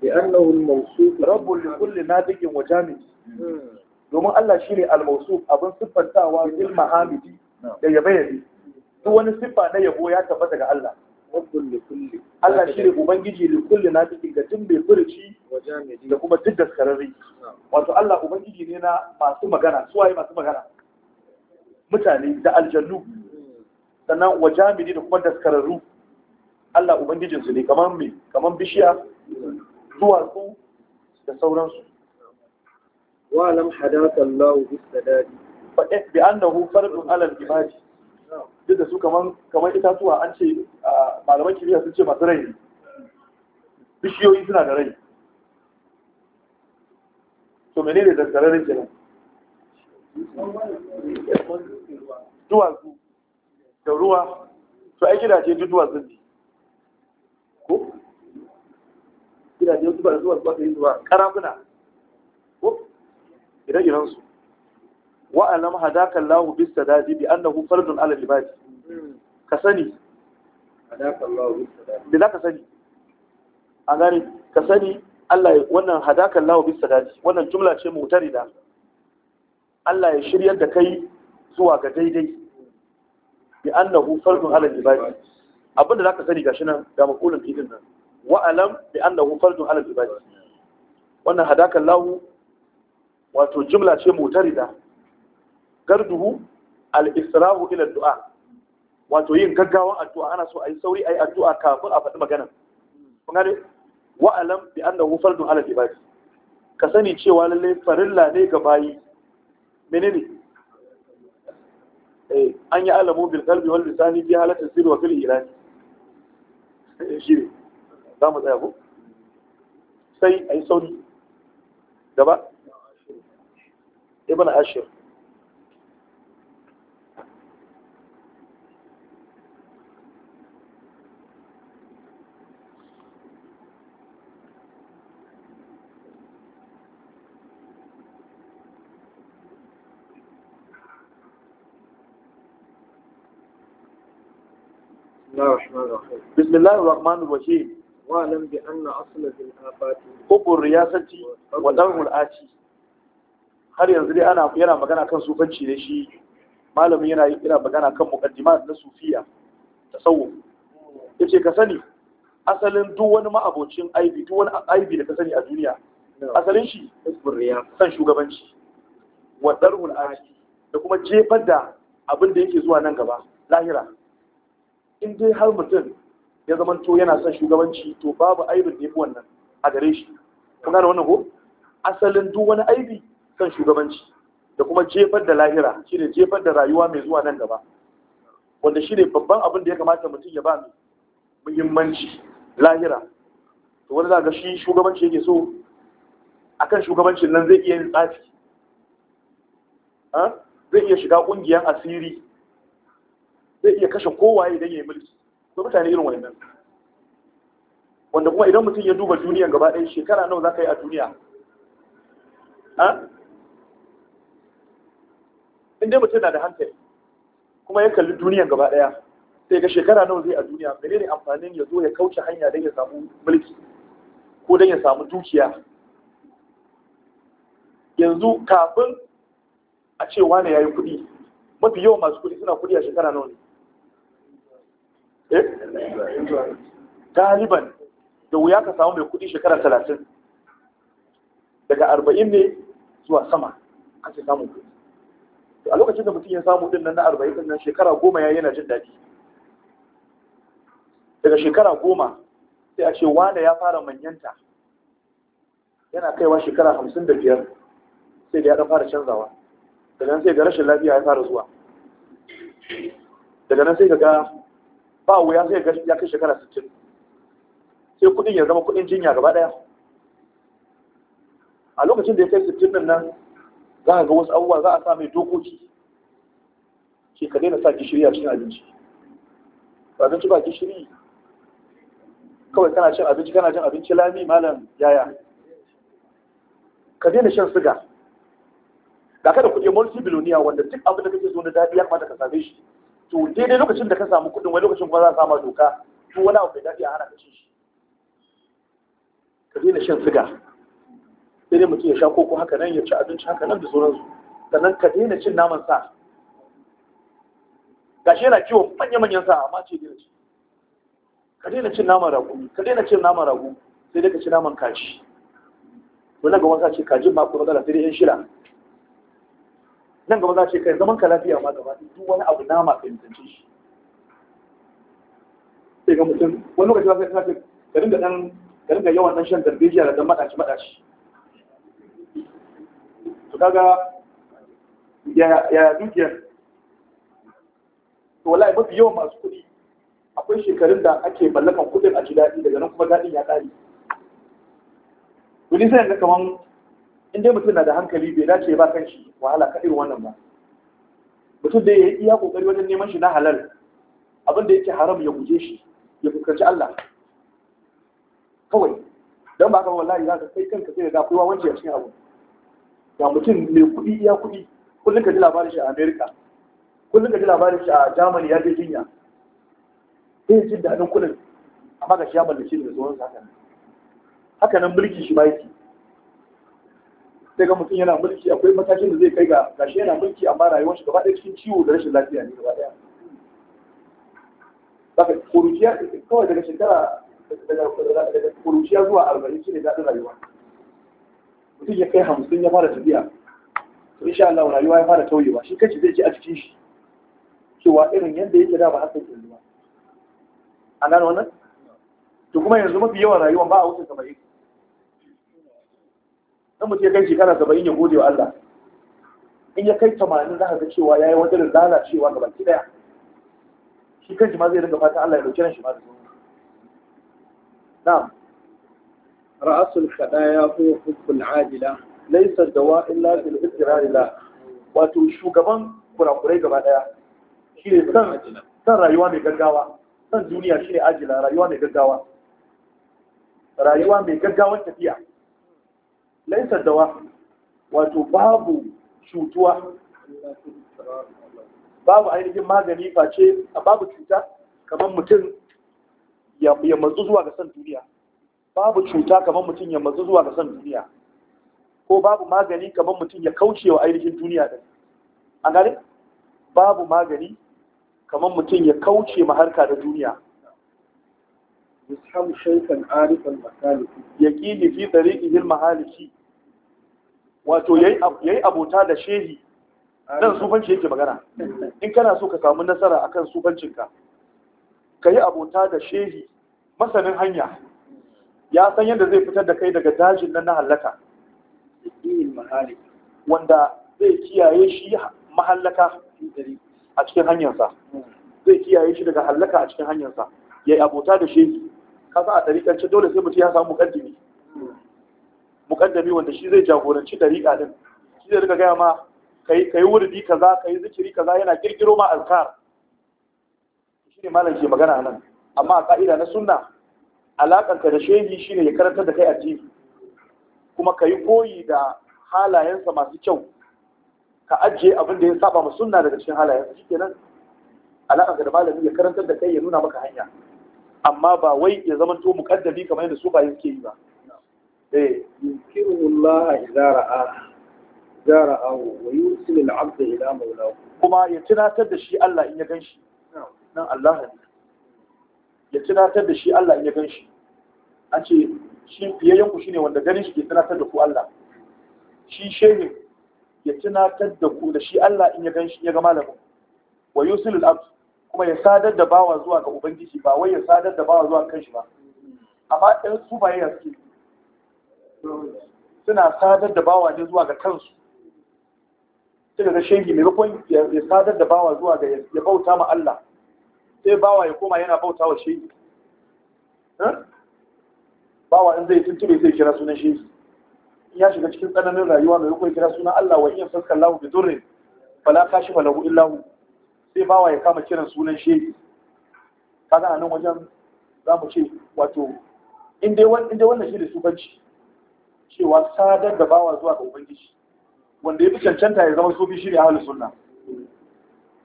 لأنه الموصوف رب لكل نابج وجامد domin Allah shi ne almausuf abin siffantawa bil mahamidi da yabe yabe duk wani siffa na yabo ya tabbata ga Allah Allah shi ne ubangiji Likulli na cikin ga tun bai furici da kuma duk daskararri wato Allah ubangiji ne na masu magana suwaye masu magana mutane da aljannu sannan wa da kuma daskararru Allah ubangijinsu ne kamar mai kamar bishiya duwatsu da sauransu Walam lam hadaka Allah bi sadadi fa bi annahu fardun ala al-ibadi duk da su kaman kaman itatuwa an ce malaman kimiyya sun ce masu rai ne bishiyoyi suna da rai to menene da tsararin kenan duwatsu da ruwa to ai ce duk duwatsu ne ko gidaje duk duwatsu ba su yi zuwa karafuna ire-iren su wa alam hadaka Allah bis sadadi bi annahu fardun ala ibadi ka sani hadaka za ka sani a gani. ka sani Allah wannan hadakan lahu bisa daji wannan jumla ce da Allah ya shiryar da kai zuwa ga daidai bi annahu fardun ala ibadi abinda ka sani gashi nan ga makulun fitin nan wa alam bi annahu fardun ala ibadi wannan hadakan lahu wato jimla ce da garduhu al’isra’u israu ila du'a wato yin gaggawan addu'a ana so a yi sauri a yi addu'a kafin a faɗi magana. kun gane wa'alam bi wufar don halar ibadi ka sani cewa lalle farilla ne ga bayi menene eh, an yi alamu bil kalbi wal lisani bi halatin sirri wa fil irani eh, shi ne. za mu tsaya ko sai a yi sauri gaba ابن أشر بسم الله الرحمن الرحيم واعلم بأن أصل الآفات قبر الرياسة ودرء الآتي har yanzu dai ana yana magana kan sufanci ne shi malamin yana yana magana kan muqaddimat na sufiya tasawuf yace ka sani asalin duk wani ma'abocin aibi duk wani aibi da ka sani a duniya asalin shi san shugabanci wa darhul aji da kuma jefar da abin da yake zuwa nan gaba lahira in dai har mutum ya zama to yana son shugabanci to babu aibin da ya wannan a gare shi kun gane wannan ko asalin duk wani aibi kan shugabanci da kuma jefar da lahira shine jefar da rayuwa mai zuwa nan gaba wanda shine babban abin da ya kamata mutum ya ba muhimmanci lahira to wani za ga shi shugabanci yake so akan shugabancin nan zai iya yin tsafi ah? zai iya shiga ƙungiyar asiri zai iya kashe kowaye idan ya yi mulki to mutane irin wannan wanda kuma idan mutum ya duba duniya gaba ɗaya shekara nawa za ka yi a duniya ah? in dai mutum na da hankali kuma ya kalli duniyan gaba daya sai ga shekara nawa zai a duniya menene amfanin ya zo ya kauce hanya don ya samu mulki ko don ya samu dukiya yanzu kafin a ce wane ya yi kuɗi mafi yawan masu kuɗi suna kuɗi a shekara nawa ne eh? galiban da wuya ka samu mai kuɗi shekara talatin daga arba'in ne zuwa sama ake samun kuɗi a lokacin da mutum ya samu din nan na arba'in nan shekara goma ya yana jin daɗi daga shekara goma sai a ce wanda ya fara manyanta yana kaiwa shekara hamsin da biyar sai da ya ɗan fara canzawa daga nan sai ga rashin lafiya ya fara zuwa daga nan sai ga ba wuya sai ga ya kai shekara sittin sai kuɗin ya zama kuɗin jinya gaba ɗaya a lokacin da ya kai sittin nan za a ga wasu abubuwa za a sa mai dokoki ke ka daina sa gishiri a cikin abinci ba abinci ba gishiri kawai kana cin abinci kana cin abinci lami malam yaya ka daina shan siga ga ka da kuɗi multi biloniya wanda duk abin da kake zo na daɗi ya kamata ka same shi to daidai lokacin da ka samu kuɗin wani lokacin kuma za a sama doka to wani abu mai daɗi a hana ka cin shi ka daina shan siga sai dai mutum ya sha koko haka nan ya ci abinci haka nan da sauransu sannan ka daina cin naman sa Ga shi yana kiwon manya-manyan sa amma ce daina ci ka daina cin naman rago ka daina cin naman rago sai dai ka ci naman kaji wani ga wasa ce kajin ma kuma sai dai yan shira nan gaba za ce kai zaman ka lafiya ma gaba duk wani abu nama ka yanzu shi sai ga mutum wani lokaci za ka ce ka dinga dan ka dinga yawan dan shan darbejiya da dan madaci madaci Daga ya dukiya? to wallahi mafi yawan masu kuɗi akwai shekarun da ake mallakan kuɗin a ji daɗi daga nan kuma daɗin ya ƙare kudi sai ga kaman in dai mutum na da hankali bai dace ba kan shi wahala ka irin wannan ba mutum da ya yi iya kokari wajen neman shi na halal abin da yake haram ya guje shi ya fuskanci Allah kawai don ba ka wallahi za ka kai kanka sai da dafuwa wancan cikin abu ga mutum mai kuɗi ya kuɗi kullum ka ji labarin shi a amerika kullum ka ji labarin shi a germany ya je jinya sai ya jin daɗin kuɗin amma ga shi ya mallaki da tsohon sa Haka nan, mulki shi ba yake sai ga mutum yana mulki akwai matakin da zai kai ga gashi yana mulki amma rayuwar shi gaba ɗaya cikin ciwo da rashin lafiya ne gaba ɗaya saka kuruciya kawai daga shekara daga kuruciya zuwa arba'in shi ne daɗin rayuwa. mutum ya kai hamsin ya fara tafiya to insha Allah rayuwa ya fara tauyewa shi kace zai ji a cikin shi cewa irin yadda yake da ba haka ke ba an gano wannan to kuma yanzu mafi yawan rayuwa ba a wuce bai dan mutum ya kai shekara saba'in ya gode wa Allah in ya kai 80 za ka ga cewa ya yi irin lalacewa ga baki daya shi kanshi ma zai rinka fata Allah ya dauke ran shi ma da na'am رأس الخدايا هو حب العادلة ليس الدواء إلا في الإضطرار wato shugaban kurakurai gaba daya shi ne san rayuwa mai gaggawa san duniya shi ne ajila rayuwa mai gaggawa rayuwa mai gaggawan tafiya laisar dawa wato babu cutuwa babu ainihin magani face a babu cuta kamar mutum ya matsu zuwa ga san duniya babu cuta kamar mutum ya mazu zuwa kasan duniya ko babu magani kamar mutum ya kauce wa ainihin duniya da a gari babu magani kamar mutum ya kauce ma harka da duniya ya shaytan arifan masaliki yaqini fi mahaliki wato yayi yi abota da shehi dan sufanci yake magana in kana so ka samu nasara akan sufancinka yi abota da shehi masanin hanya ya san yadda zai fitar da kai daga dajin nan na hallaka wanda zai kiyaye shi mahallaka a cikin hanyarsa zai kiyaye shi daga hallaka a cikin hanyarsa ya yi abota da shi kasa a ɗariƙance dole sai mutum ya samu mukaddami mukaddami wanda shi zai jagoranci tarika din shi zai riga gaya ma ka yi wurdi kaza ka yi zikiri kaza yana ƙirƙiro ma alkar shi ne malam ke magana nan amma a ƙa'ida na sunna alaƙanka da shegi shine ya karanta da kai a tv kuma ka yi koyi da halayensa masu kyau ka ajiye abin da ya saba ma sunna daga cikin halayensa kenan alaƙanka da malami ya karanta da kai ya nuna maka hanya amma ba wai ya zama to muƙaddami kamar yadda su ba yake yi ba eh yunkirullah idza ra'a idza ra'a wa yusil al'abd ila mawlahu kuma ya tunatar da shi Allah in ya ganshi nan Allah ya tunatar da shi Allah in ya ganshi an ce shi fiyayyen ku shine wanda ganin shi ke tunatar da ku Allah shi shehin ya tunatar da ku da shi Allah in ya gan shi ya ga malamin wa yusilul abd kuma ya sadar da bawa zuwa ga ubangiji ba wai ya sadar da bawa zuwa kan shi ba amma ɗan su ba ya suke suna sadar da bawa ne zuwa ga kansu sai ga shehi maimakon ya sadar da bawa zuwa ga ya bauta ma Allah sai bawa ya koma yana bauta wa shehi bawa in zai tuntube zai kira sunan shi in ya shiga cikin tsananin rayuwa mai kuma kira sunan Allah wa in faskar lahu bi durrin fala kashifa lahu illa hu sai bawa ya kama kiran sunan shi kaga a nan wajen za mu ce wato in dai wannan shi da sufanci cewa sadar da bawa zuwa ga ubangiji wanda ya fi cancanta ya zama sufi shi ne ahlus sunna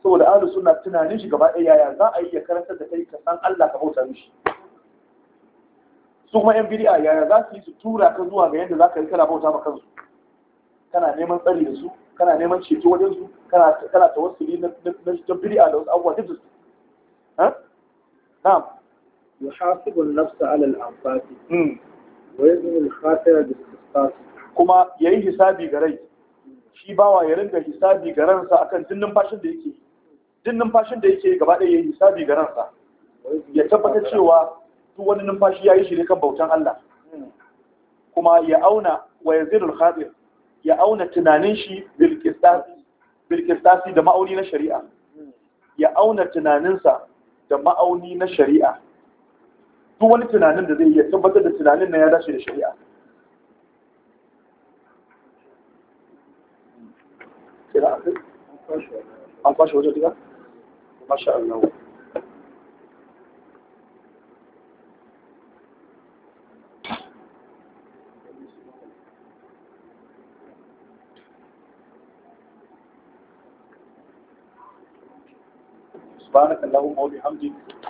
saboda ahlus sunna tunanin shi gaba ɗaya yaya za a yi ya karantar da kai ka san Allah ka bauta mishi su kuma yan bid'a yaya za su yi su tura ka zuwa ga yadda za ka yi kana bauta ma kansu kana neman tsari da su kana neman ceto wajen su kana kana wasu na na bid'a da wasu abubuwa duk su na'am yuhasibu an-nafsa 'ala al-anfasi hmm. wa yazmu al-khatira bi al kuma yayi hisabi ga rai shi bawa ya ringa hisabi ga ransa akan kan numfashin da yake numfashin da yake gaba ɗaya yayi hisabi ga ransa ya tabbatar cewa duk wani numfashi yayi shi ne kan bautan Allah kuma ya auna wa yazidul khabir ya auna tunanin shi bil bil bilkistasi da ma'auni na shari'a ya auna tunanin sa da ma'auni na shari'a duk wani tunanin da zai iya tabbatar da tunanin na ya dace da shari'a an kwashe wajen duka? masha Allah subhanaka allahumma wa bihamdika